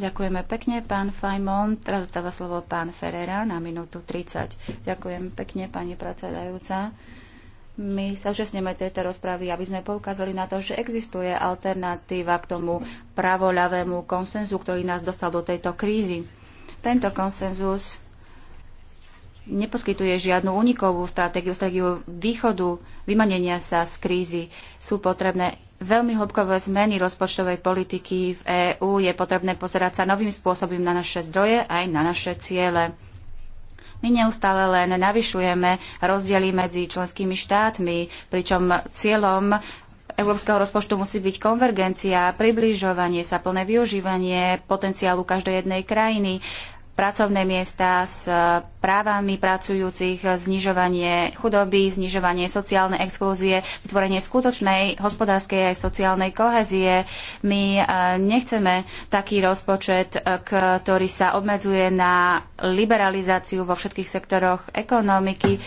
S4: Ďakujeme pekne, pán Fajmon. Teraz dostáva slovo pán Ferrera na minútu 30. Ďakujem pekne, pani predsedajúca my sa zúčastneme tejto rozpravy, aby sme poukázali na to, že existuje alternatíva k tomu pravoľavému konsenzu, ktorý nás dostal do tejto krízy. Tento konsenzus neposkytuje žiadnu unikovú stratégiu, stratégiu východu, vymanenia sa z krízy. Sú potrebné veľmi hlubkové zmeny rozpočtovej politiky v EÚ. Je potrebné pozerať sa novým spôsobom na naše zdroje aj na naše ciele. My neustále len navyšujeme rozdiely medzi členskými štátmi, pričom cieľom európskeho rozpočtu musí byť konvergencia, približovanie sa, plné využívanie potenciálu každej jednej krajiny pracovné miesta, s právami pracujúcich, znižovanie chudoby, znižovanie sociálnej exklúzie, vytvorenie skutočnej hospodárskej aj sociálnej kohezie. My e, nechceme taký rozpočet, e, ktorý sa obmedzuje na liberalizáciu vo všetkých sektoroch ekonomiky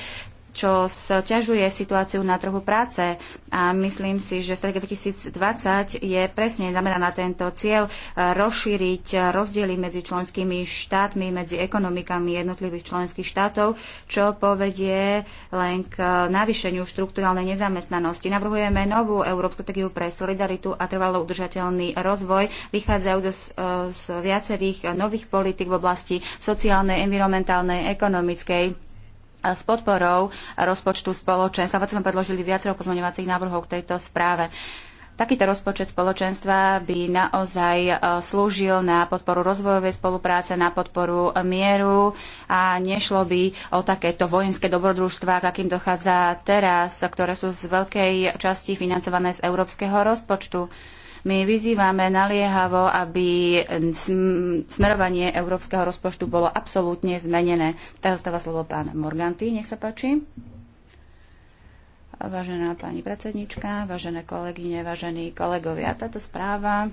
S4: čo sťažuje situáciu na trhu práce. A myslím si, že stratégia 2020 je presne zameraná na tento cieľ e, rozšíriť rozdiely medzi členskými štátmi, medzi ekonomikami jednotlivých členských štátov, čo povedie len k e, navýšeniu štruktúralnej nezamestnanosti. Navrhujeme novú európsku stratégiu pre solidaritu a trvalo udržateľný rozvoj, vychádzajú z, e, z viacerých nových politik v oblasti sociálnej, environmentálnej, ekonomickej s podporou rozpočtu spoločenstva. Vôbec sme predložili viacero pozmeňovacích návrhov k tejto správe. Takýto rozpočet spoločenstva by naozaj e, slúžil na podporu rozvojovej spolupráce, na podporu mieru a nešlo by o takéto vojenské dobrodružstva, k akým dochádza teraz, ktoré sú z veľkej časti financované z európskeho rozpočtu. My vyzývame naliehavo, aby smerovanie európskeho rozpočtu bolo absolútne zmenené. Teraz dáva slovo pán Morganti, nech sa páči. Vážená pani predsednička, vážené kolegyne, vážení kolegovia, táto správa,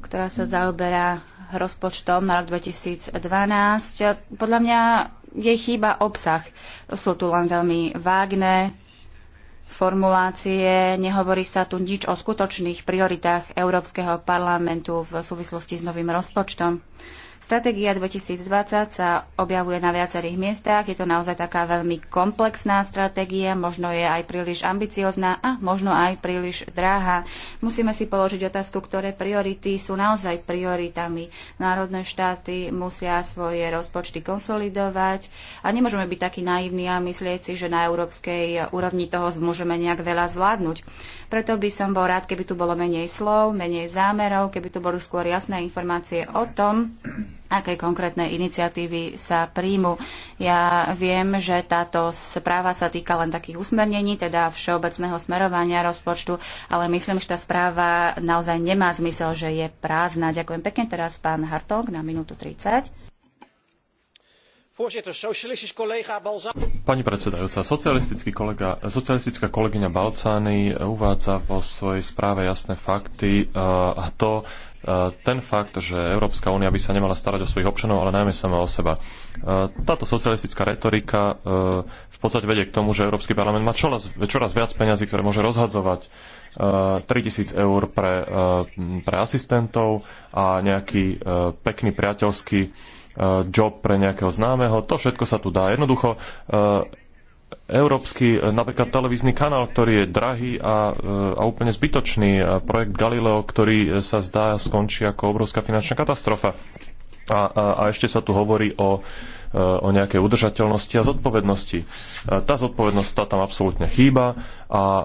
S4: ktorá sa zaoberá rozpočtom na rok 2012, podľa mňa jej chýba obsah. Sú tu len veľmi vágne formulácie, nehovorí sa tu nič o skutočných prioritách Európskeho parlamentu v súvislosti s novým rozpočtom. Stratégia 2020 sa objavuje na viacerých miestach. Je to naozaj taká veľmi komplexná stratégia, možno je aj príliš ambiciozná a možno aj príliš dráha. Musíme si položiť otázku, ktoré priority sú naozaj prioritami. Národné štáty musia svoje rozpočty konsolidovať a nemôžeme byť takí naivní a myslieť si, že na európskej úrovni toho môžeme nejak veľa zvládnuť. Preto by som bol rád, keby tu bolo menej slov, menej zámerov, keby tu boli skôr jasné informácie o tom, aké konkrétne iniciatívy sa príjmu. Ja viem, že táto správa sa týka len takých usmernení, teda všeobecného smerovania rozpočtu, ale myslím, že tá správa naozaj nemá zmysel, že je prázdna. Ďakujem pekne teraz pán Hartong na minútu 30.
S1: Pani predsedajúca, socialistický kolega, socialistická kolegyňa Balcány uvádza vo svojej správe jasné fakty eh, a to, Eh, ten fakt, že Európska únia by sa nemala starať o svojich občanov, ale najmä sama o seba. Eh, táto socialistická retorika eh, v podstate vedie k tomu, že Európsky parlament má čoraz, čoraz viac peňazí, ktoré môže rozhadzovať 3000 eur pre, pre asistentov a nejaký pekný priateľský job pre nejakého známeho. To všetko sa tu dá. Jednoducho európsky e, napríklad televízny kanál, ktorý je drahý a, e, a úplne zbytočný. E, projekt Galileo, ktorý sa zdá skončí ako obrovská finančná katastrofa. A, a, a ešte sa tu hovorí o o nejakej udržateľnosti a zodpovednosti. Tá zodpovednosť tá tam absolútne chýba a e,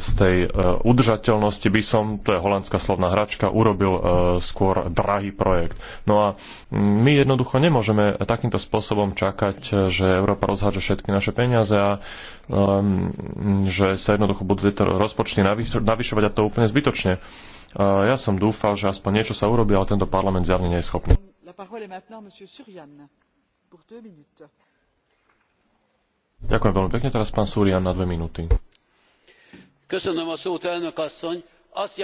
S1: z tej e, udržateľnosti by som, to je holandská slovná hračka, urobil e, skôr drahý projekt. No a mm, my jednoducho nemôžeme takýmto spôsobom čakať, že Európa rozhádže všetky naše peniaze a um, že sa jednoducho budú tieto rozpočty navyšovať a to úplne zbytočne. Ja som dúfal, že aspoň niečo sa urobí, ale tento parlament zjavne nie je schopný. Ďakujem veľmi pekne. Teraz pán Súrian na dve minúty.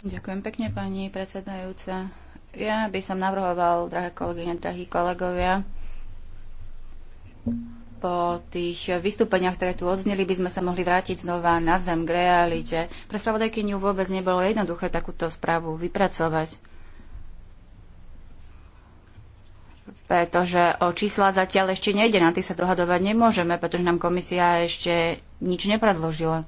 S4: Ďakujem pekne, pani predsedajúca. Ja by som navrhoval, drahé kolegyne, drahí kolegovia, po tých vystúpeniach, ktoré tu odzneli, by sme sa mohli vrátiť znova na zem k realite. Pre spravodajkyniu vôbec nebolo jednoduché takúto správu vypracovať. pretože o čísla zatiaľ ešte nejde, na tých sa dohadovať nemôžeme, pretože nám komisia ešte nič nepredložila.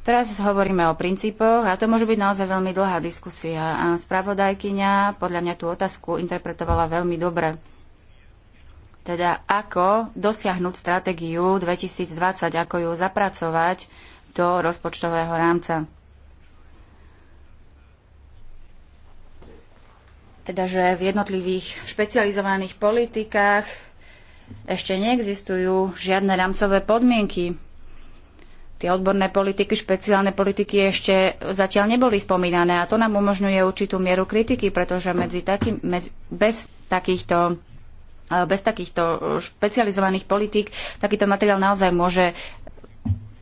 S4: Teraz hovoríme o princípoch a to môže byť naozaj veľmi dlhá diskusia a spravodajkyňa podľa mňa tú otázku interpretovala veľmi dobre. Teda ako dosiahnuť stratégiu 2020, ako ju zapracovať do rozpočtového rámca. teda že v jednotlivých špecializovaných politikách ešte neexistujú žiadne rámcové podmienky. Tie odborné politiky, špeciálne politiky ešte zatiaľ neboli spomínané a to nám umožňuje určitú mieru kritiky, pretože medzi taký, medzi, bez takýchto eh, bez takýchto eh, špecializovaných politík takýto materiál naozaj môže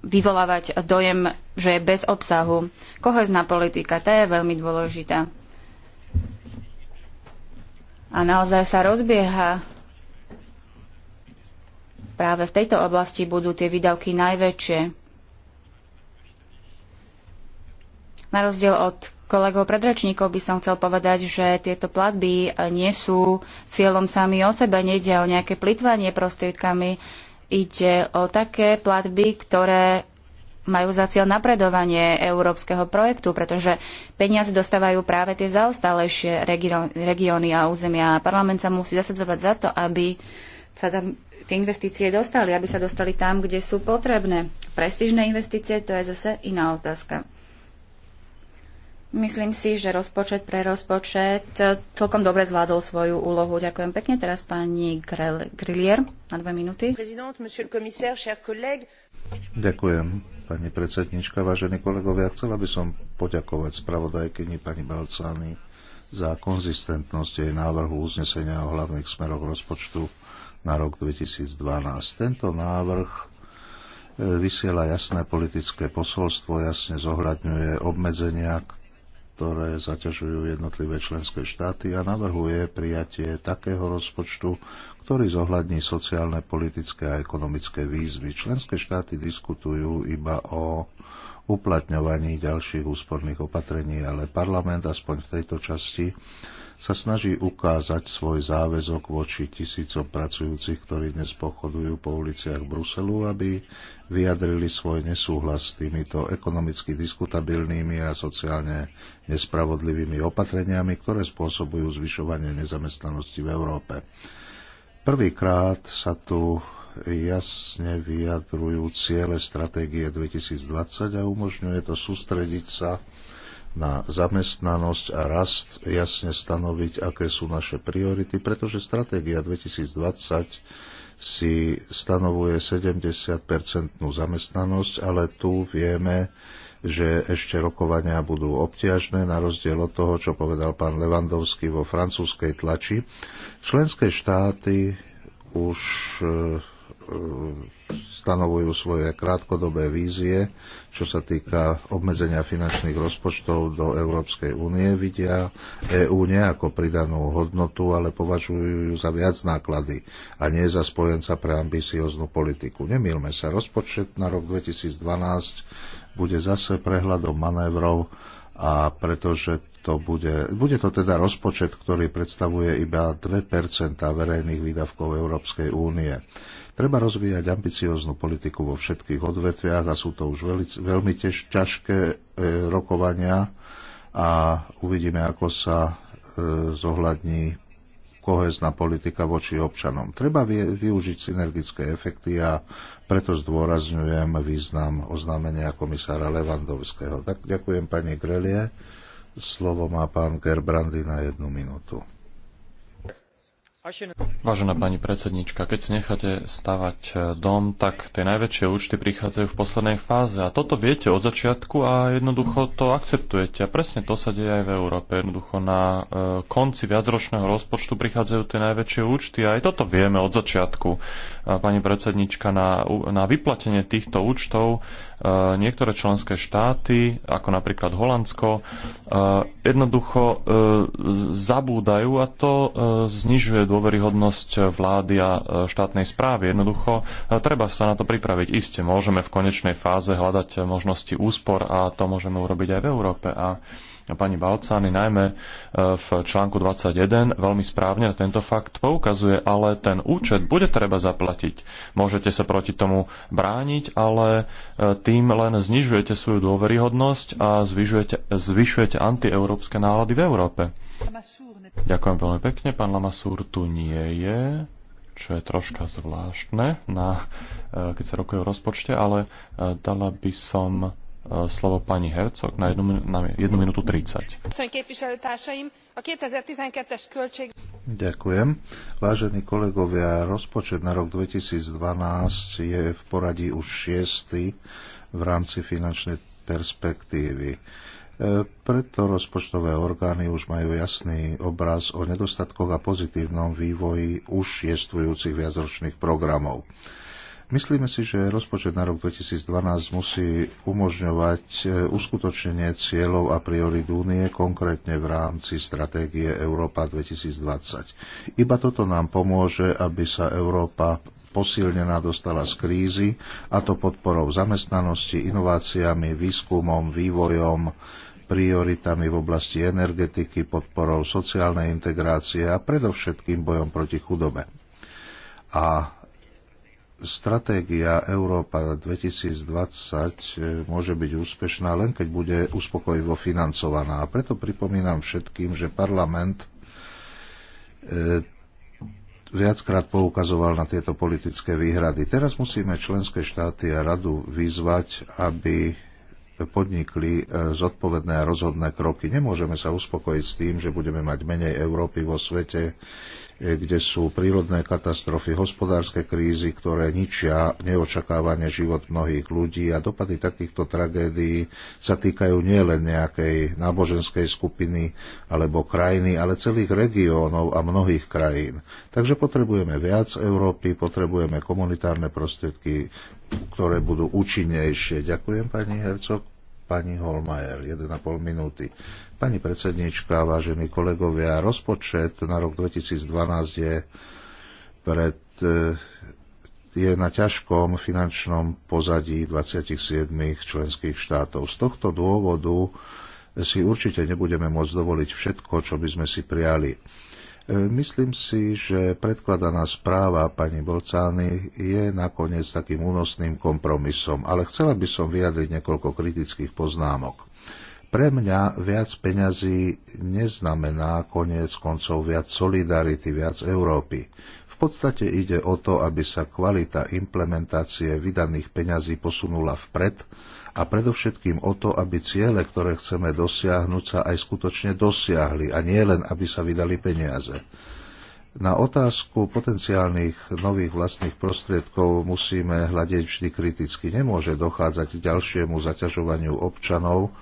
S4: vyvolávať dojem, že je bez obsahu. Kohezná politika, tá je veľmi dôležitá a naozaj sa rozbieha. Práve v tejto oblasti budú tie výdavky najväčšie. Na rozdiel od kolegov predračníkov by som chcel povedať, že tieto platby nie sú cieľom sami o sebe, nejde o nejaké plitvanie prostriedkami, ide o také platby, ktoré majú za cieľ napredovanie európskeho projektu, pretože peniaze dostávajú práve tie zaostalejšie regióny a územia. A parlament sa musí zasadzovať za to, aby sa tam tie investície dostali, aby sa dostali tam, kde sú potrebné. Prestížne investície, to je zase iná otázka. Myslím si, že rozpočet pre rozpočet celkom dobre zvládol svoju úlohu. Ďakujem pekne. Teraz pani Grillier, na dve minúty.
S3: Ďakujem, pani predsednička, vážení kolegovia. Chcela by som poďakovať spravodajkyni pani Balcány za konzistentnosť jej návrhu uznesenia o hlavných smeroch rozpočtu na rok 2012. Tento návrh e, vysiela jasné politické posolstvo, jasne zohľadňuje obmedzenia, ktoré zaťažujú jednotlivé členské štáty a navrhuje prijatie takého rozpočtu, ktorý zohľadní sociálne, politické a ekonomické výzvy. Členské štáty diskutujú iba o uplatňovaní ďalších úsporných opatrení, ale parlament aspoň v tejto časti sa snaží ukázať svoj záväzok voči tisícom pracujúcich, ktorí dnes pochodujú po uliciach Bruselu, aby vyjadrili svoj nesúhlas s týmito ekonomicky diskutabilnými a sociálne nespravodlivými opatreniami, ktoré spôsobujú zvyšovanie nezamestnanosti v Európe. Prvýkrát sa tu jasne vyjadrujú ciele stratégie 2020 a umožňuje to sústrediť sa na zamestnanosť a rast, jasne stanoviť, aké sú naše priority, pretože stratégia 2020 si stanovuje 70-percentnú zamestnanosť, ale tu vieme, že ešte rokovania budú obťažné, na rozdiel od toho, čo povedal pán Levandovský vo francúzskej tlači. Členské štáty už e, e, stanovujú svoje krátkodobé vízie, čo sa týka obmedzenia finančných rozpočtov do Európskej únie. Vidia EÚ nie ako pridanú hodnotu, ale považujú ju za viac náklady a nie za spojenca pre ambicióznu politiku. Nemilme sa, rozpočet na rok 2012 bude zase prehľadom manévrov a pretože to bude, bude to teda rozpočet, ktorý predstavuje iba 2 verejných výdavkov Európskej únie. Treba rozvíjať ambicióznu politiku vo všetkých odvetviach a sú to už veľmi, veľmi tiež ťažké e, rokovania a uvidíme, ako sa e, zohľadní kohezná politika voči občanom. Treba využiť synergické efekty a preto zdôrazňujem význam oznámenia komisára Levandovského. Tak ďakujem pani Grelie. Slovo má pán Gerbrandy na jednu minútu.
S1: Vážená pani predsednička, keď si necháte stavať e, dom, tak tie najväčšie účty prichádzajú v poslednej fáze. A toto viete od začiatku a jednoducho to akceptujete. A presne to sa deje aj v Európe. Jednoducho na e, konci viacročného rozpočtu prichádzajú tie najväčšie účty. A aj toto vieme od začiatku. pani predsednička, na, na vyplatenie týchto účtov E, niektoré členské štáty, ako napríklad Holandsko, e, jednoducho e, zabúdajú a to znižuje dôveryhodnosť vlády a štátnej správy. Jednoducho treba sa na to pripraviť. Isté, môžeme v konečnej fáze hľadať možnosti úspor a to môžeme urobiť aj v Európe. A pani Balcány najmä e, v článku 21 veľmi správne tento fakt poukazuje, ale ten účet bude treba zaplatiť. Môžete sa proti tomu brániť, ale e, tým len znižujete svoju dôveryhodnosť a zvyšujete, zvyšujete antieurópske nálady v Európe. Ďakujem veľmi pekne. Pán Lamasúr tu nie je čo je troška zvláštne, na, e, keď sa rokuje o rozpočte, ale dala by som E, slovo pani Hercog na 1, minútu
S3: 30. Ďakujem. Vážení kolegovia, rozpočet na rok 2012 je v poradí už šiestý v rámci finančnej perspektívy. E, preto rozpočtové orgány už majú jasný obraz o nedostatkoch a pozitívnom vývoji už jestvujúcich viacročných programov. Myslíme si, že rozpočet na rok 2012 musí umožňovať e, uskutočnenie cieľov a priorit únie, konkrétne v rámci stratégie Európa 2020. Iba toto nám pomôže, aby sa Európa posilnená dostala z krízy, a to podporou zamestnanosti, inováciami, výskumom, vývojom, prioritami v oblasti energetiky, podporou sociálnej integrácie a predovšetkým bojom proti chudobe. A stratégia Európa 2020 e, môže byť úspešná len keď bude uspokojivo financovaná. A preto pripomínam všetkým, že parlament e, viackrát poukazoval na tieto politické výhrady. Teraz musíme členské štáty a radu vyzvať, aby podnikli e, zodpovedné a rozhodné kroky. Nemôžeme sa uspokojiť s tým, že budeme mať menej Európy vo svete, e, kde sú prírodné katastrofy, hospodárske krízy, ktoré ničia neočakávanie život mnohých ľudí a dopady takýchto tragédií sa týkajú nielen nejakej náboženskej skupiny alebo krajiny, ale celých regiónov a mnohých krajín. Takže potrebujeme viac Európy, potrebujeme komunitárne prostriedky, ktoré budú účinnejšie. Ďakujem pani Hercog. Pani Holmajer, 1,5 minúty. Pani predsednička, vážení kolegovia, rozpočet na rok 2012 je pred eh, je na ťažkom finančnom pozadí 27 členských štátov. Z tohto dôvodu si určite nebudeme môcť dovoliť všetko, čo by sme si prijali. E, myslím si, že predkladaná správa pani Bolcány je nakoniec takým únosným kompromisom, ale chcela by som vyjadriť niekoľko kritických poznámok. Pre mňa viac peňazí neznamená koniec koncov viac solidarity, viac Európy. V podstate ide o to, aby sa kvalita implementácie vydaných peňazí posunula vpred a predovšetkým o to, aby ciele, ktoré chceme dosiahnuť, sa aj skutočne dosiahli a nie len, aby sa vydali peniaze. Na otázku potenciálnych nových vlastných prostriedkov musíme hľadiť vždy kriticky. Nemôže dochádzať k ďalšiemu zaťažovaniu občanov,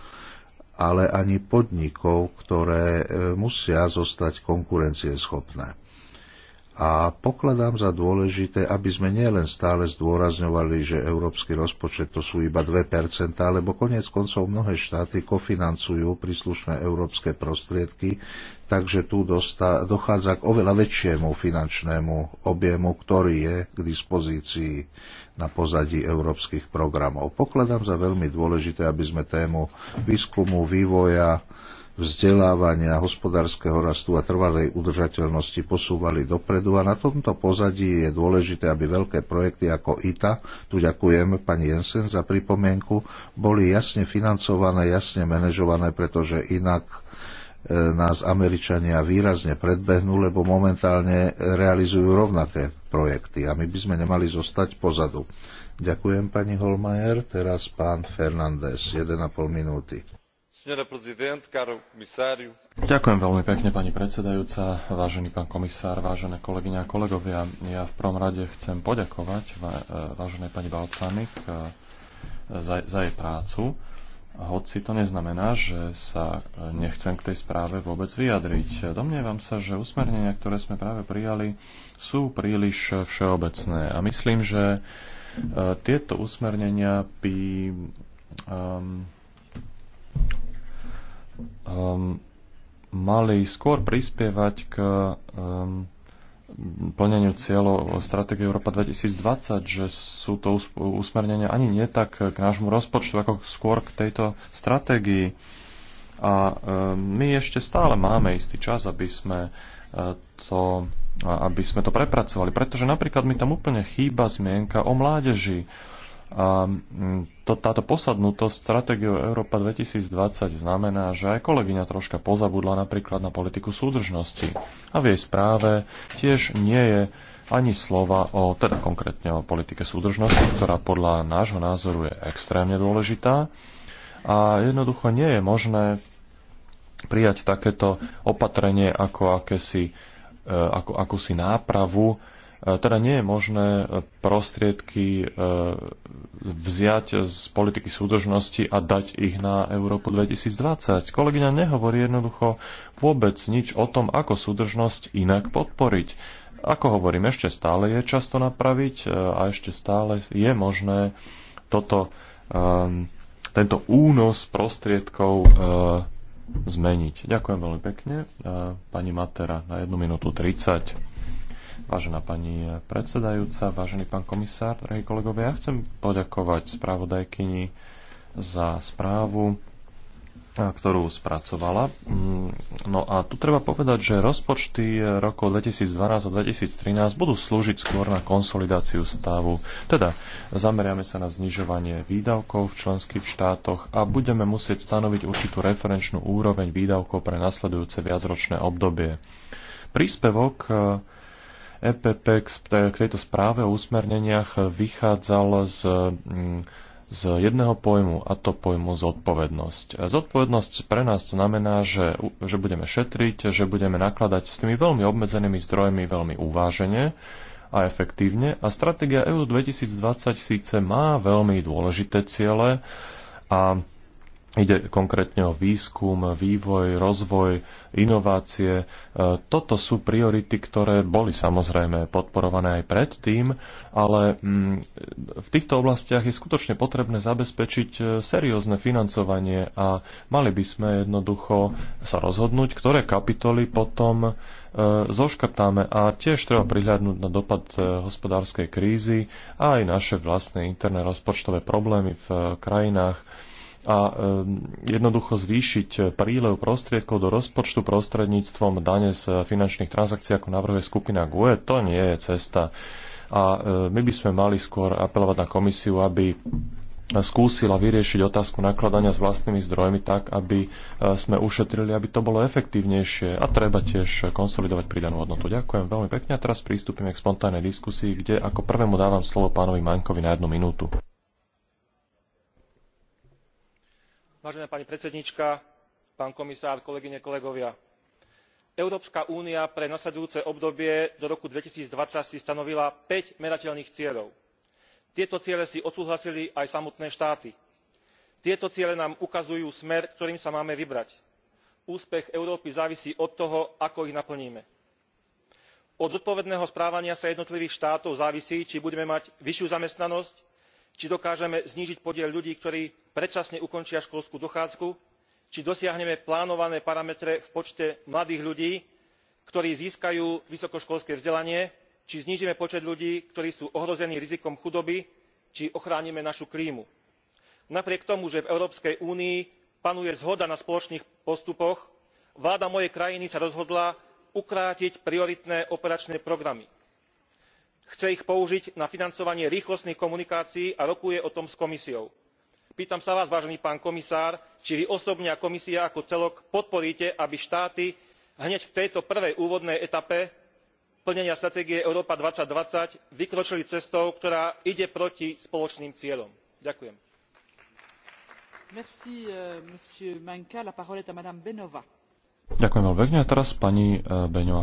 S3: ale ani podnikov, ktoré e, musia zostať konkurencieschopné a pokladám za dôležité, aby sme nielen stále zdôrazňovali, že európsky rozpočet to sú iba 2%, alebo konec koncov mnohé štáty kofinancujú príslušné európske prostriedky, takže tu dostá, dochádza k oveľa väčšiemu finančnému objemu, ktorý je k dispozícii na pozadí európskych programov. Pokladám za veľmi dôležité, aby sme tému výskumu, vývoja, vzdelávania, hospodárskeho rastu a trvalej udržateľnosti posúvali dopredu a na tomto pozadí je dôležité, aby veľké projekty ako ITA, tu ďakujem pani Jensen za pripomienku, boli jasne financované, jasne manažované, pretože inak e, nás Američania výrazne predbehnú, lebo momentálne realizujú rovnaké projekty a my by sme nemali zostať pozadu. Ďakujem pani Holmajer, teraz pán Fernández, 1,5 minúty.
S1: Ďakujem veľmi pekne, pani predsedajúca, vážený pán komisár, vážené kolegyne a kolegovia. Ja v prvom rade chcem poďakovať e, váženej pani Balcánik e, za, za jej prácu, hoci to neznamená, že sa e, nechcem k tej správe vôbec vyjadriť. Domnievam sa, že usmernenia, ktoré sme práve prijali, sú príliš všeobecné a myslím, že tieto usmernenia by um, um, mali skôr prispievať k um, plneniu cieľov stratégie Európa 2020, že sú to usmernenia ani nie tak k nášmu rozpočtu, ako skôr k tejto stratégii. A um, my ešte stále máme istý čas, aby sme uh, to, aby sme to prepracovali, pretože napríklad mi tam úplne chýba zmienka o mládeži. A mm, to, táto posadnutosť stratégiou Európa 2020 znamená, že aj kolegyňa troška pozabudla napríklad na politiku súdržnosti. A v jej správe tiež nie je ani slova o, teda konkrétne o politike súdržnosti, ktorá podľa nášho názoru je extrémne dôležitá. A jednoducho nie je možné prijať takéto opatrenie ako akési, e, ako, akúsi nápravu E, teda nie je možné e, prostriedky e, vziať z politiky súdržnosti a dať ich na Európu 2020. Kolegyňa nehovorí jednoducho vôbec nič o tom, ako súdržnosť inak podporiť. Ako hovorím, ešte stále je často napraviť a ešte stále je možné toto, ehm, tento únos prostriedkov zmeniť. Ďakujem veľmi pekne. Pani Matera na 1 minútu 30. Vážená pani predsedajúca, vážený pán komisár, drahí kolegovia, ja chcem poďakovať správodajkyni za správu, ktorú spracovala. Mm, no a tu treba povedať, že rozpočty rokov 2012 a 2013 budú slúžiť skôr na konsolidáciu stavu. Teda zameriame sa na znižovanie výdavkov v členských štátoch a budeme musieť stanoviť určitú referenčnú úroveň výdavkov pre nasledujúce viacročné obdobie. Príspevok EPP k tejto správe o usmerneniach vychádzal z, mm, z jedného pojmu, a to pojmu zodpovednosť. Zodpovednosť pre nás znamená, že, že budeme šetriť, že budeme nakladať s tými veľmi obmedzenými zdrojmi veľmi uvážene a efektívne. A stratégia EU 2020 síce má veľmi dôležité ciele a Ide konkrétne o výskum, vývoj, rozvoj, inovácie. E, toto sú priority, ktoré boli samozrejme podporované aj predtým, ale mm, v týchto oblastiach je skutočne potrebné zabezpečiť e, seriózne financovanie a mali by sme jednoducho sa rozhodnúť, ktoré kapitoly potom e, zoškrtáme a tiež treba prihľadnúť na dopad hospodárskej krízy a aj naše vlastné interné rozpočtové problémy v krajinách a jednoducho zvýšiť prílev prostriedkov do rozpočtu prostredníctvom dane z finančných transakcií, ako navrhuje skupina GUE, to nie je cesta. A my by sme mali skôr apelovať na komisiu, aby skúsila vyriešiť otázku nakladania s vlastnými zdrojmi tak, aby sme ušetrili, aby to bolo efektívnejšie a treba tiež konsolidovať pridanú hodnotu. Ďakujem veľmi pekne a teraz pristúpime k spontánnej diskusii, kde ako prvému dávam slovo pánovi Mankovi na jednu minútu.
S5: vážená pani predsedníčka pán komisár kolegyne kolegovia európska únia pre nasledujúce obdobie do roku two thousand and twenty si stanovila päť merateľných cieľov. tieto ciele si odsúhlasili aj samotné štáty. tieto ciele nám ukazujú smer ktorým sa máme vybrať. úspech európy závisí od toho ako ich naplníme. od zodpovedného správania sa jednotlivých štátov závisí či budeme mať vyššiu zamestnanosť či dokážeme znížiť podiel ľudí ktorí predčasne ukončia školskú dochádzku či dosiahneme plánované parametre v počte mladých ľudí ktorí získajú vysokoškolské vzdelanie či znížime počet ľudí ktorí sú ohrození rizikom chudoby či ochránime našu klímu. napriek tomu že v európskej únii panuje zhoda na spoločných postupoch vláda mojej krajiny sa rozhodla ukrátiť prioritné operačné programy chce ich použiť na financovanie rýchlostných komunikácií a rokuje o tom s komisiou. pýtam sa vás vážený pán komisár či vy osobne a komisia ako celok podporíte aby štáty hneď v tejto prvej úvodnej etape plnenia stratégie európa two thousand and twenty vykročili cestou ktorá ide proti spoločným cieľom. ďakujem.
S2: Euh,
S1: ďakujem veľmi a teraz pani euh,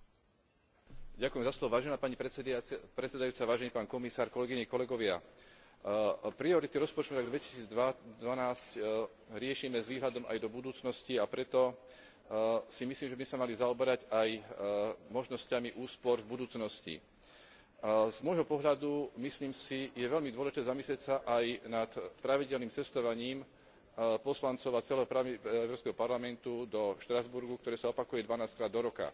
S6: E, priority rozpočtu na rok two thousand and twelve riešime s výhľadom aj do budúcnosti a preto e, si myslím že by sme sa mali zaoberať aj e, možnosťami úspor v budúcnosti. z môjho pohľadu myslím si je veľmi dôležité zamyslieť sa aj nad pravidelným cestovaním poslancov a celého európskeho parlamentu do štrasburgu ktoré sa opakuje krát do roka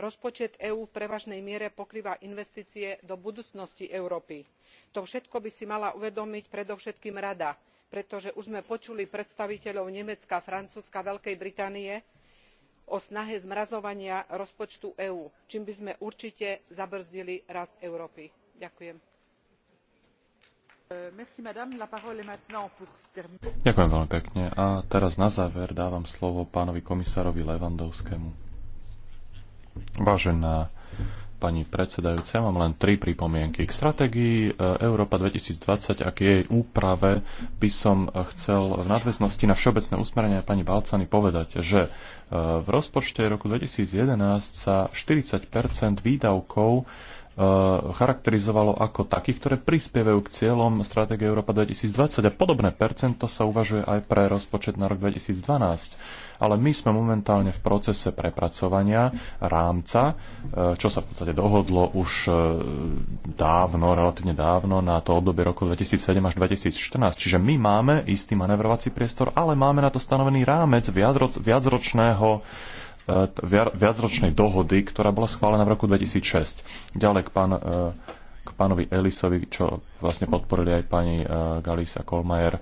S2: rozpočet eú v prevažnej miere pokrýva investície do budúcnosti európy. to všetko by si mala uvedomiť predovšetkým rada pretože už sme počuli predstaviteľov nemecka francúzska veľkej británie o snahe zmrazovania rozpočtu eú čím by sme určite zabrzdili rast európy. ďakujem. Euh,
S1: ďakujem veľmi pekne a teraz na záver dávam slovo pánovi komisárovi Lewandowskému. Vážená pani predsedajúca, ja mám len tri pripomienky. K stratégii e, Európa 2020 a k jej úprave by som chcel v nadväznosti na všeobecné usmerenie pani Balcany povedať, že e, v rozpočte roku 2011 sa 40 výdavkov Eh, charakterizovalo ako takých, ktoré prispievajú k cieľom stratégie Európa 2020 a podobné percento sa uvažuje aj pre rozpočet na rok 2012. Ale my sme momentálne v procese prepracovania rámca, eh, čo sa v podstate dohodlo už eh, dávno, relatívne dávno na to obdobie roku 2007 až 2014. Čiže my máme istý manevrovací priestor, ale máme na to stanovený rámec viacročného viacročnej dohody, ktorá bola schválená v roku 2006. Ďalej k, pán, e, k pánovi Elisovi, čo vlastne podporili aj pani e, Galisa Kolmajer e,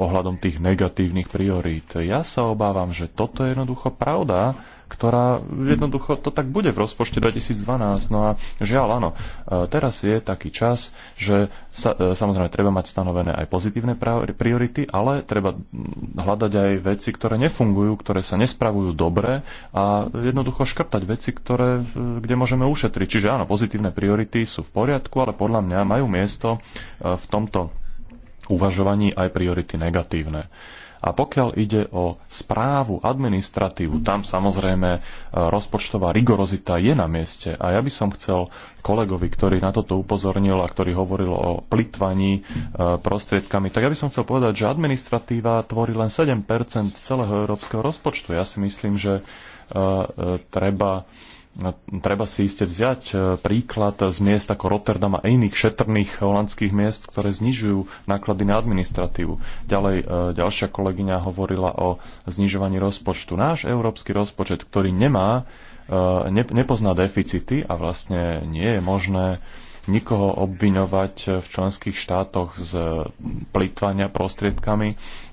S1: ohľadom tých negatívnych priorít. Ja sa obávam, že toto je jednoducho pravda, ktorá jednoducho to tak bude v rozpočte 2012. No a žiaľ, áno, e, teraz je taký čas, že sa, e, samozrejme treba mať stanovené aj pozitívne priority, ale treba hľadať aj veci, ktoré nefungujú, ktoré sa nespravujú dobre a jednoducho škrtať veci, ktoré, e, kde môžeme ušetriť. Čiže áno, pozitívne priority sú v poriadku, ale podľa mňa majú miesto v tomto uvažovaní aj priority negatívne. A pokiaľ ide o správu, administratívu, tam samozrejme e, rozpočtová rigorozita je na mieste. A ja by som chcel kolegovi, ktorý na toto upozornil a ktorý hovoril o plitvaní e, prostriedkami, tak ja by som chcel povedať, že administratíva tvorí len 7 celého európskeho rozpočtu. Ja si myslím, že e, treba No, treba si iste vziať e, príklad z miest ako Rotterdam a iných šetrných holandských miest, ktoré znižujú náklady na administratívu. Ďalej e, ďalšia kolegyňa hovorila o znižovaní rozpočtu. Náš európsky rozpočet, ktorý nemá, e, nepozná deficity a vlastne nie je možné nikoho obviňovať eh, v členských štátoch z plýtvania prostriedkami,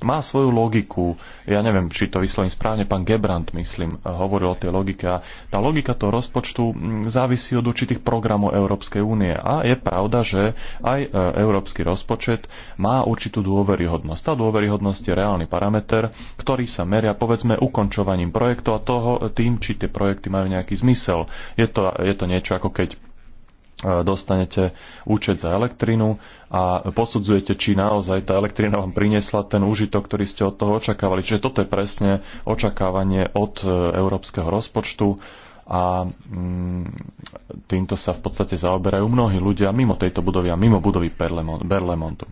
S1: má svoju logiku. Ja neviem, či to vyslovím správne, pán Gebrand, myslím, eh, hovoril o tej logike. A tá logika toho rozpočtu mm, závisí od určitých programov Európskej únie. A je pravda, že aj eh, európsky rozpočet má určitú dôveryhodnosť. Tá dôveryhodnosť je reálny parameter, ktorý sa meria, povedzme, ukončovaním projektu a toho tým, či tie projekty majú nejaký zmysel. Je to, je to niečo ako keď dostanete účet za elektrínu a posudzujete, či naozaj tá elektrina vám priniesla ten úžitok, ktorý ste od toho očakávali. Čiže toto je presne očakávanie od e, európskeho rozpočtu a mm, týmto sa v podstate zaoberajú mnohí ľudia mimo tejto budovy a mimo budovy Berlemontu.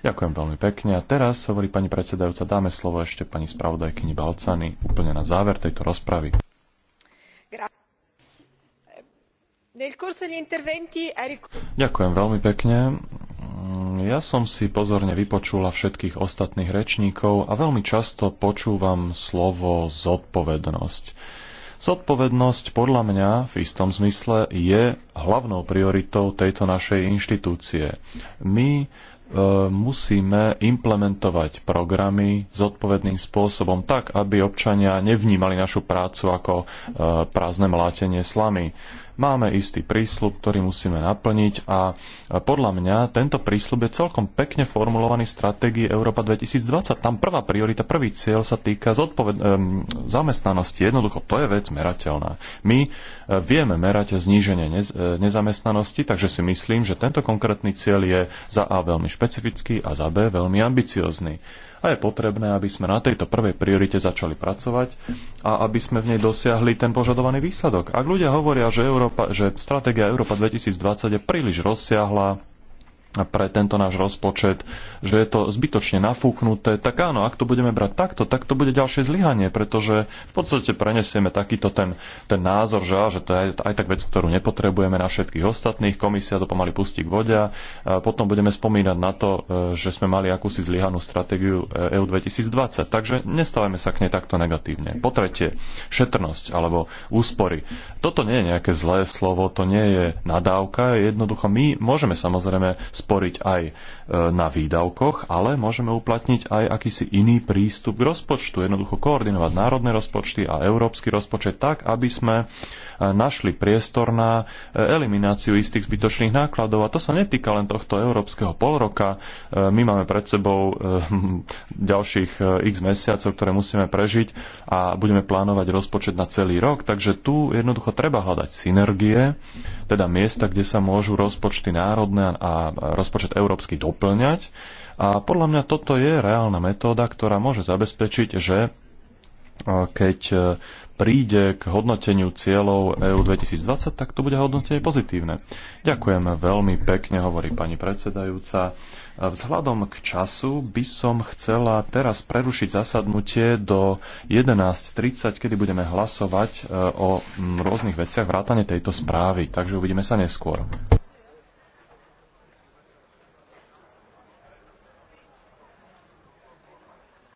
S1: Ďakujem veľmi pekne. A teraz, hovorí pani predsedajúca, dáme slovo ešte pani spravodajkyni Balcany úplne na záver tejto rozpravy. Gra- Ďakujem veľmi pekne. Mm, ja som si pozorne vypočula všetkých ostatných rečníkov a veľmi často počúvam slovo zodpovednosť. Zodpovednosť podľa mňa v istom zmysle je hlavnou prioritou tejto našej inštitúcie. My e, musíme implementovať programy zodpovedným spôsobom tak, aby občania nevnímali našu prácu ako e, prázdne mlátenie slamy. Máme istý prísľub, ktorý musíme naplniť a podľa mňa tento prísľub je celkom pekne formulovaný v stratégii Európa 2020. Tam prvá priorita, prvý cieľ sa týka zodpoved- zamestnanosti. Jednoducho, to je vec merateľná. My e, vieme merať zníženie nez- e, nezamestnanosti, takže si myslím, že tento konkrétny cieľ je za A veľmi špecifický a za B veľmi ambiciózny a je potrebné, aby sme na tejto prvej priorite začali pracovať a aby sme v nej dosiahli ten požadovaný výsledok. Ak ľudia hovoria, že, Európa, že stratégia Európa 2020 je príliš rozsiahla, pre tento náš rozpočet, že je to zbytočne nafúknuté, tak áno, ak to budeme brať takto, tak to bude ďalšie zlyhanie, pretože v podstate prenesieme takýto ten, ten názor, že, á, že to je aj tak vec, ktorú nepotrebujeme na všetkých ostatných, komisia to pomaly pustí k vode a potom budeme spomínať na to, e, že sme mali akúsi zlyhanú stratégiu EU e 2020. Takže nestávame sa k nej takto negatívne. Po tretie, šetrnosť alebo úspory. Toto nie je nejaké zlé slovo, to nie je nadávka, jednoducho my môžeme samozrejme sporiť aj na výdavkoch, ale môžeme uplatniť aj akýsi iný prístup k rozpočtu. Jednoducho koordinovať národné rozpočty a európsky rozpočet tak, aby sme e, našli priestor na e, elimináciu istých zbytočných nákladov. A to sa netýka len tohto európskeho polroka. E, my máme pred sebou ďalších x mesiacov, ktoré musíme prežiť a budeme plánovať rozpočet na celý rok. Takže tu jednoducho treba hľadať synergie, teda miesta, kde sa môžu rozpočty národné a rozpočet európsky doplniť doplňať. A podľa mňa toto je reálna metóda, ktorá môže zabezpečiť, že e, keď e, príde k hodnoteniu cieľov EU 2020, tak to bude hodnotenie pozitívne. Ďakujem veľmi pekne, hovorí pani predsedajúca. E, vzhľadom k času by som chcela teraz prerušiť zasadnutie do 11.30, kedy budeme hlasovať o rôznych veciach vrátane tejto správy. Takže uvidíme sa neskôr.